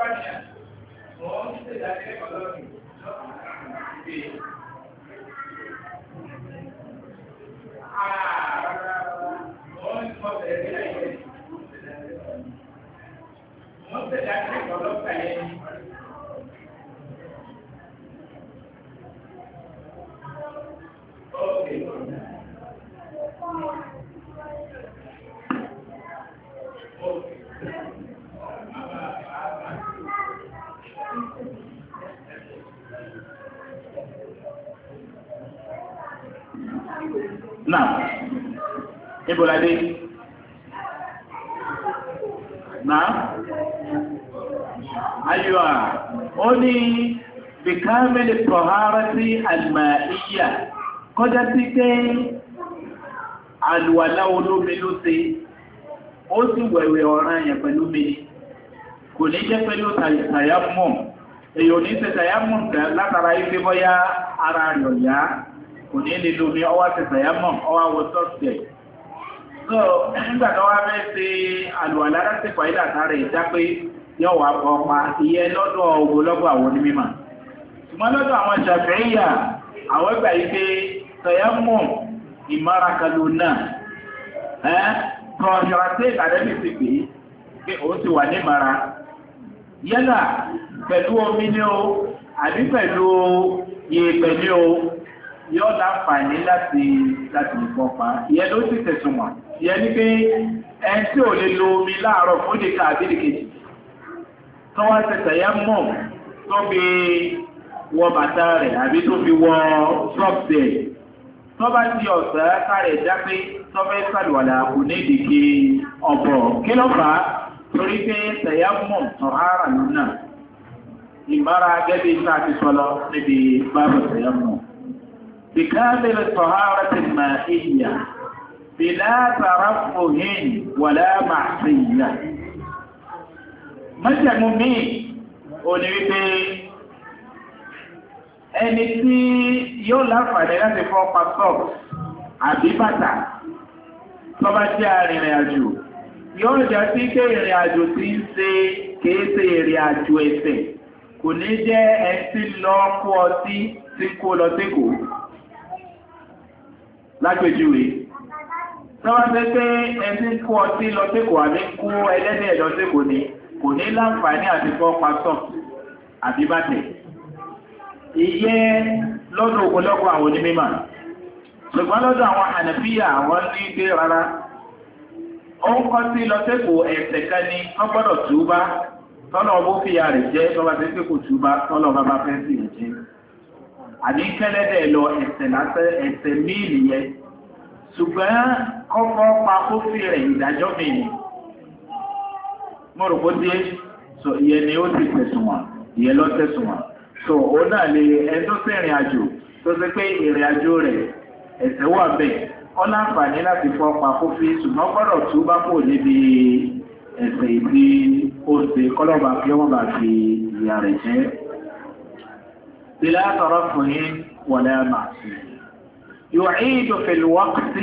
pàṣẹ, ìbóládé náà ayọ́ à ó ní bìkámẹ́lì tọ̀hárá sí àlùmáìyà kọjá sí pé àlùwàlá olómi ló ṣe ó sì wẹ̀wẹ̀ ọ̀ràn yẹn pẹ̀lú mi kò ní jẹ́ pẹ̀lú tàyàmùn èyí ò ní ṣe tàyàmùn látara ife bọ́yá ara rẹ̀ ọ̀yá kò ní lè lómi ọwá ṣe tàyàmùn ọwá wọ so nígbà tó wá fẹ́ ṣe àlùwàlá láti fàílà tààrẹ ìdápé yóò wà pọ̀ pa ìyẹn lọ́dọ̀ ogunlọ́gbọ̀ àwọn onímọ̀ ṣùgbọ́n lọ́dọ̀ àwọn ṣàfihìyà àwọn ìgbà yìí pé tọ̀yẹ́mù ìmárakalu náà ẹ́ tọ̀ọ̀ṣọ̀ràṣẹ́ ìtàdẹ́bì sì pé pé ó ti wà nímara yálà pẹ̀lú omi ní o àbí pẹ̀lú yèèpẹ̀ ní o yóò láǹfààní láti láti ìfọ̀pá ìyẹn ló sì tẹ̀sùn wọn yẹ ní pé ẹn tí ò lè lo omi láàárọ̀ fún ìdíkà àbídìkejì tó wá tẹ̀sẹ̀ yẹ mọ̀ tó fi wọ bàtà rẹ̀ àbí tó fi wọ sọ́ọ̀bù rẹ̀ tó bá ti ọ̀sẹ̀ kárẹ̀ já pé tó fẹ́ sàlùwàlà kò ní ìdíkì ọ̀bọ̀ kí ló fà á torí pé tẹ̀yà mọ̀ tọ̀hárà lónà ìbára gẹ́gẹ́ tá a ti sọ lọ níbi bábà tẹ̀yà mọ̀. Bìkálẹ̀ tọ̀hárà ti máa ń yà bìlá tàràfòhìn wàlá màṣíyà mọ́jẹ̀mú míì ò ní wípé ẹni tí yóò láǹfààní láti fọ́ pasọ́ àbí bàtà tọ́ba jẹ́ arìnrìn àjò yóò jẹ́ sí pé ìrìn àjò ti ń ṣe kìí ìrìn àjò ẹ̀sẹ̀ kò ní jẹ́ ẹtí lọ kó ọtí tí kó lọ sí kò lágbèjúwe tọ́wọ́n fẹ́ pé ẹni kú ọtí lọ sí kò àbí kú ẹlẹ́dẹ̀ lọ sí kò ní kò ní láǹfààní àti fọ́ pásọ̀ àbí bàtẹ̀. ìyẹ́ lọ́dọ̀ ọ̀pọ̀lọpọ̀ àwọn onímọ̀ ṣùgbọ́n lọ́dọ̀ àwọn ànàfíà àwọn ní gbé rárá. ó ń kọ́ sí lọ sí kò ẹ̀sẹ̀ kan ní wọ́n gbọ́dọ̀ túbá tọ́lọ̀ ṣùgbọ́n kọ́kọ́ pa kó fi rẹ̀ ìdájọ́ mi ni mo rò kó dé so ìyẹn ni ó ti tẹ̀sùn wọn ìyẹn lọ tẹ̀sùn wọn so òun náà lè ẹni tó sì rìn àjò tó ṣe pé ìrìn àjò rẹ̀ ẹ̀sẹ̀ wà bẹ́ẹ̀ ó láǹfààní láti fọ́ pa kó fi ṣùgbọ́n gbọ́dọ̀ tú bá kò níbi ẹ̀sẹ̀ ìdí oṣù kọ́lọ́ba kí wọ́n bá fi ìyà rẹ̀ jẹ́. ìlà àtọ̀rọ̀ fún yín wọlé àmà sí i. يعيد في الوقت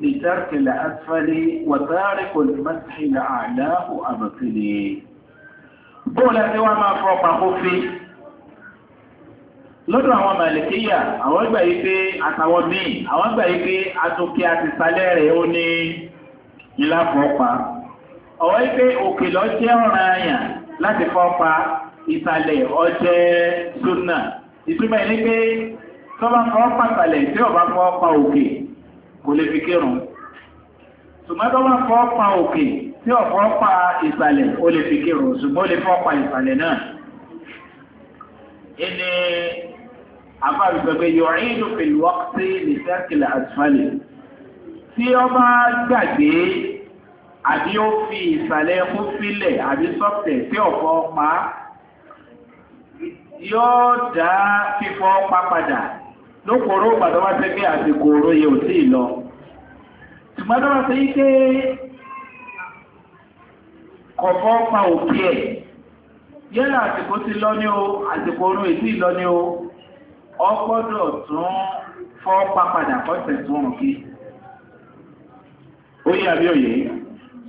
لترك الأسفل وتارك المسح لأعلاه أبطلي قولة وما فوقه في lọ́dọ̀ àwọn màlìkíyà àwọn gbà yí pé àtàwọn míì àwọn gbà yí pé atukí àti sálẹ̀ rẹ̀ ó ní ìlà fọ́pa ọ̀wọ́ yí pé òkè lọ jẹ́ ọ̀ràn àyàn láti fọ́pa ìsàlẹ̀ ọjẹ́ súnà ìtumọ̀ ní pé tọ́ba kọ́ pàtàlẹ̀ tí ọba kọ́ pa òkè kò lè fi kírun ṣùgbọ́n tọ́ba kọ́ pa òkè tí ọ̀fọ́ pa ìsàlẹ̀ ó lè fi kírun ṣùgbọ́n ó lè fọ́ pa ìsàlẹ̀ náà. ẹni afárùsọ̀gbẹ́ yọ̀rí ìlú pẹ̀lú ọ́kṣí ní sẹ́kìlì àtúfàlẹ̀ tí ọba gbàgbé àbí ó fi ìsàlẹ̀ fún sílẹ̀ àbí sọ́ọ̀tẹ̀ tí ọ̀fọ́ pa yóò dá fífọ́ pa ló kọ̀ọ̀rọ̀ pàtó wá sí pé àsìkò òróye ò sí lọ. ṣùgbọ́n tó wá sí pé kọ̀ọ̀kọ́ pa òkè ẹ̀ yẹ́nà àsìkò ti lọ ní o àsìkò oró èsì lọ ní o ọgbọ́dọ̀ tún fọ́ pápadà kọ́sẹ̀ tún wọn kí. ó yẹ àbí òye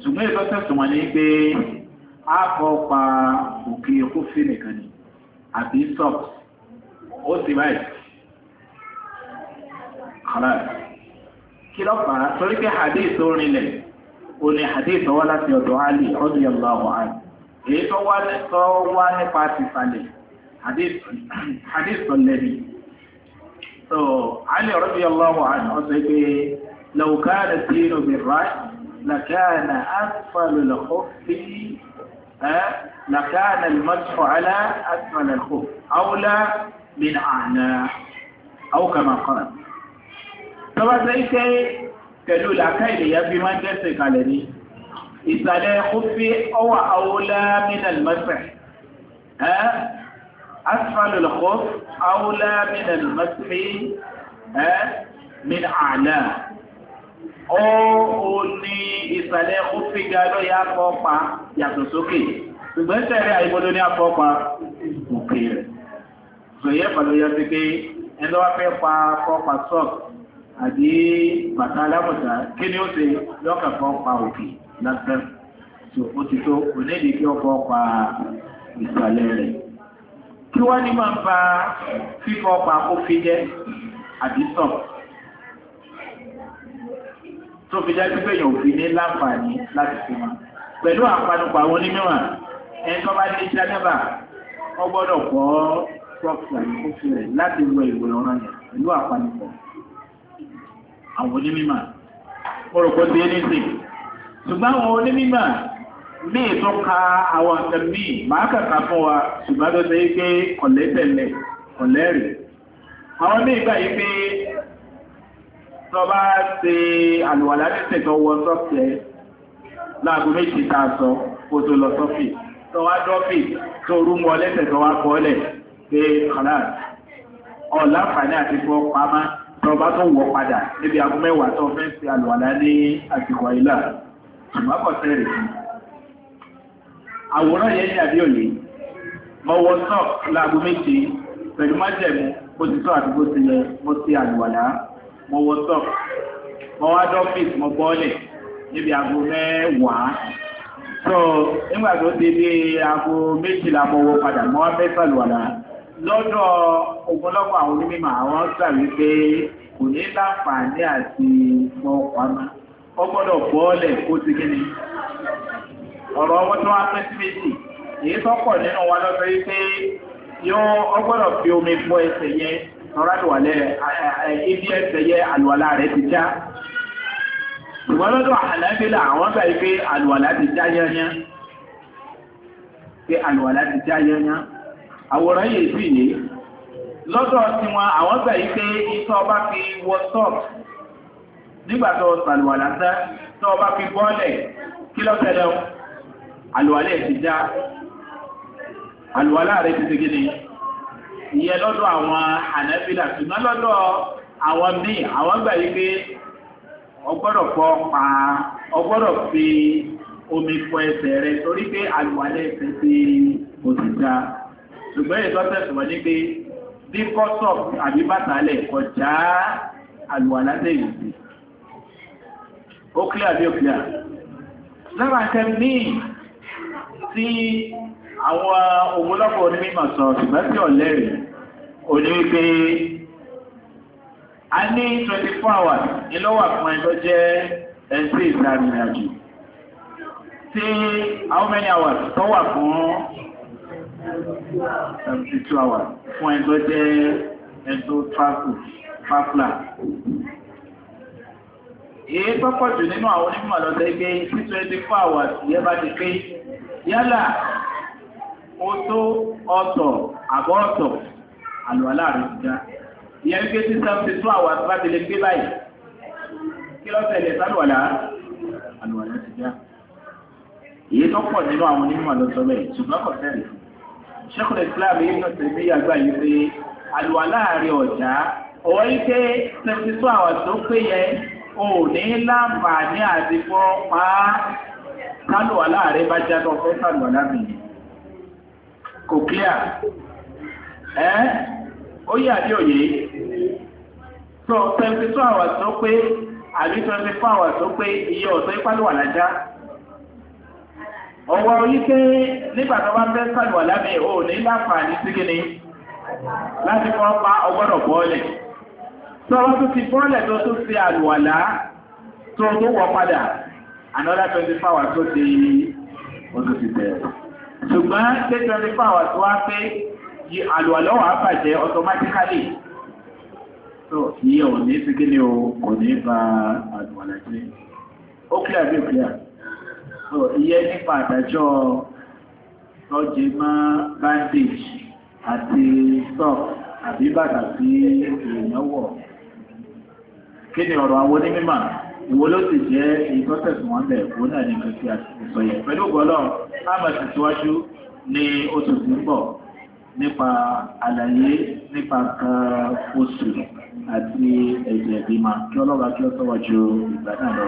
ṣùgbọ́n ìtọ́sẹ̀ tún wọn ní pé a fọ́ pa òkè kófì nìkan ni àbí sọ́ọ̀bù ó sì báyìí. خلاص kí ló fà á torí pé hadith tó rinlẹ̀ o ní hadith wá láti ọ̀dọ̀ Ali radiyallahu anhu èyí tó wá tó wá nípa tìsàlẹ̀ hadith tó lẹ́bi so Ali radiyallahu anhu ọ̀sẹ̀ pé law kana dinu bir-ra's lakana asfal al-khuffi لكان المسح على أسفل الخف أولى من أعلى أو كما قال tọ́ba ṣe ike pẹ̀lú làákà ìlẹ̀yà bí máa ń tẹ̀sẹ̀ kalẹ̀ ní ìsàlẹ̀ kófí ọwà awolá minal masẹ̀ ẹ́ asfalul kóf awolá minal masẹ̀ ẹ́ min àlá ó ó ní ìsàlẹ̀ kófí ga lọ́yà afọ́pa yàtọ̀ sókè ṣùgbọ́n tẹ̀lé àìbọ́dọ́ ní afọ́pa òkè rẹ̀ sọ̀yẹ́ pàlọ́yà sí pé ẹni wá fẹ́ pa afọ́pa sọ́ọ̀kì àbí bàtà alábọ̀tà kí ni ó ṣe lọ́kà kan pa òkè lásán tó ó ti tó onídìí kí ọkọ̀ pa ìsàlẹ̀ rẹ̀ kí wọ́n ní máa ń fa fífọ́ pa kófí jẹ́ àbí sàn tó fi dájú pé èèyàn òfin ní láǹfààní láti fi mọ pẹ̀lú àpanupọ̀ àwọn onímọ̀ ẹni tó bá ní jánábà wọ́n gbọ́dọ̀ kọ́ ọ́ sọ́ọ̀kì àti kófí rẹ̀ láti wọ ìwé ọ̀ràn yẹn pẹ̀lú àpanupọ̀ àwọn onímímà mọ́rọ̀kọ́ tí ẹni sí ṣùgbọ́n àwọn onímímà ní ètò ka àwọn àtẹ̀mí máa kàkà fún wa ṣùgbọ́n tó ṣe pé kọ̀lẹ́tẹ̀lẹ̀ kọ̀lẹ́rì àwọn ní ìgbà yìí pé tọba ṣe àlùwàlá tẹ̀sẹ̀ tó wọ sọ́fẹ̀ láago méjì tá a sọ kó tó lọ sọ́fì tó wá dọ́fì tó rú mọ́ lẹ́sẹ̀ tó wá kọ́ lẹ̀ pé wọn bá tún wọ padà níbi aago mẹ́wàá tó fẹ́ ṣe àlùwàlá ní àsìkò àìlà ṣùgbọ́n kò sẹ́rẹ̀ sí. àwòrán yẹn ní àbíòye mo wọ sọ́ọ̀kì láago méje pẹ̀lú májẹ̀mú bó ti tọ́ àdúgbò ti lẹ mo ṣe àlùwàlá mo wọ sọ́ọ̀kì mo wá dọ́fíìsì mo bọ́ọ̀lẹ̀ níbi aago mẹ́wàá tó nígbà tó ti di aago méjìlá mo padà mo fẹ́ ṣàlùwàlá lọ́dọ̀ ogunlọ́gbọ̀n àwọn onímọ̀ àwọn gbà wípé kò ní láǹfààní àti ọ̀pamọ́ ó gbọ́dọ̀ bọ́ọ̀lẹ̀ kó ti kí ni ọ̀rọ̀ ọwọ́ tó wá pẹ́ sí méjì èyí tó nínú wa lọ́sọ yìí pé yóò ó gbọ́dọ̀ fi omi bọ́ ẹsẹ̀ yẹn rárá tó wà lẹ́ ibi ẹsẹ̀ yẹn àlùwàlá rẹ̀ ti já ìwọ́n lọ́dọ̀ àlàáfíà àwọn gbà yìí pé ti já yányá pé àlùwàlá ti já yányá àwòrán yìí sì ní lọ́dọ̀ tí wọn àwọn gbà yí pé iṣẹ́ ọba fi wọ sọ́ọ̀pù nígbà tó sàlùwà lásán tó ọba fi bọ́ọ̀lẹ̀ kí lọ́tẹ̀lẹ́ àlùwàlẹ̀ ti já àlùwàlá rẹ̀ ti segin ni ìyẹn lọ́dọ̀ àwọn ànábìlà ṣùgbọ́n lọ́dọ̀ àwọn míì àwọn gbà yí pé ọgbọ́dọ̀ fọ pa ọgbọ́dọ̀ fi omi fọ ẹsẹ̀ rẹ̀ torí pé àlùwàlẹ̀ ti ti òṣìṣẹ́ ṣùgbọ́n ètò ọ̀sẹ̀ sọ̀rọ̀ ní pé bí kọ́sọ̀p àbí bàtàlẹ̀ kọjá àlùwàlá lè yìí sí. ó clear bí ó clear. lára nǹkan míì tí àwọn ògbólọ́pọ̀ onímọ̀ sọ ṣùgbọ́n tí ọ̀lẹ́ rẹ̀ ò ní wípé a ní twenty hours ní lọ́wọ́ fún ẹjọ́ jẹ́ ẹ̀ńtí ìsàmì ìrìnàjò tí how many hours tó wà fún twenty two hours fún ẹgbẹ́ jẹ́ ẹ̀dọ́ traveler. èyí pọ́pọ̀ jù nínú àwọn onímọ̀ lọ́dẹ́ gbé sí twenty four hours ìyẹn bá ti pé yálà ó tó ọ̀tọ̀ àbọ̀ ọ̀tọ̀ àlùwàlá rẹ̀ ti já ìyẹn wípé sí seventy two hours bá ti lè gbé báyìí kí lọ́sẹ̀ lè sálùwàlá àlùwàlá ti já èyí tó pọ̀ nínú àwọn onímọ̀ lọ́sọ̀rọ̀ Sheikhul Islam Ibn Taymiyyah àgbà yìí pé àlùwà láàrin ọ̀já ọ̀wọ́ yìí pé tẹ̀sí tó àwọn tó pé yẹ ò ní láǹfààní àti fọ́ pa á kálùwà láàrin bá já lọ fẹ́ kálùwà láàrin kò clear ẹ́ ó yà bí òye tẹ̀sí tó àwọn tó pé àbí tẹ̀sí fún àwọn tó pé iye ọ̀tọ̀ ipá ló wà lájá ọwọ́ orí pé nígbà tó bá fẹ́ sàlùwà lábẹ́ ò ní láǹfààní sí kíni láti fọ́ pa ọgbọ́dọ̀ bọ́ọ̀lẹ̀ tó wọ́n tó ti bọ́ọ̀lẹ̀ tó tó fi àlùwàlá tó tó wọ padà another twenty four hours tó ti oṣù ti bẹ̀rẹ̀ ṣùgbọ́n ṣé twenty four hours wá pé àlùwàlá wà á bàjẹ́ automatically tó ìyẹn ò ní sí kíni o kò ní ba àlùwàlá jẹ́ so iye nípa àdájọ́ lọ́jẹ́ mọ́ bandage àti stock àbí bàtà sí èèyàn wọ̀ kí ni ọ̀rọ̀ àwọn onímọ̀ ìwọ ló sì jẹ́ ìtọ́sẹ̀sùn wọn bẹ̀ òun náà ní kìí àtìsọ yẹn pẹ̀lú gbọ́lọ̀ láàmà tẹ̀síwájú ní oṣù tí ń bọ̀ nípa àlàyé nípa kan oṣù àti ẹ̀jẹ̀ ìbímọ kí ọlọ́ba kí ó sọ́wọ́jú ìgbà náà lọ.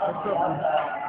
Thank you.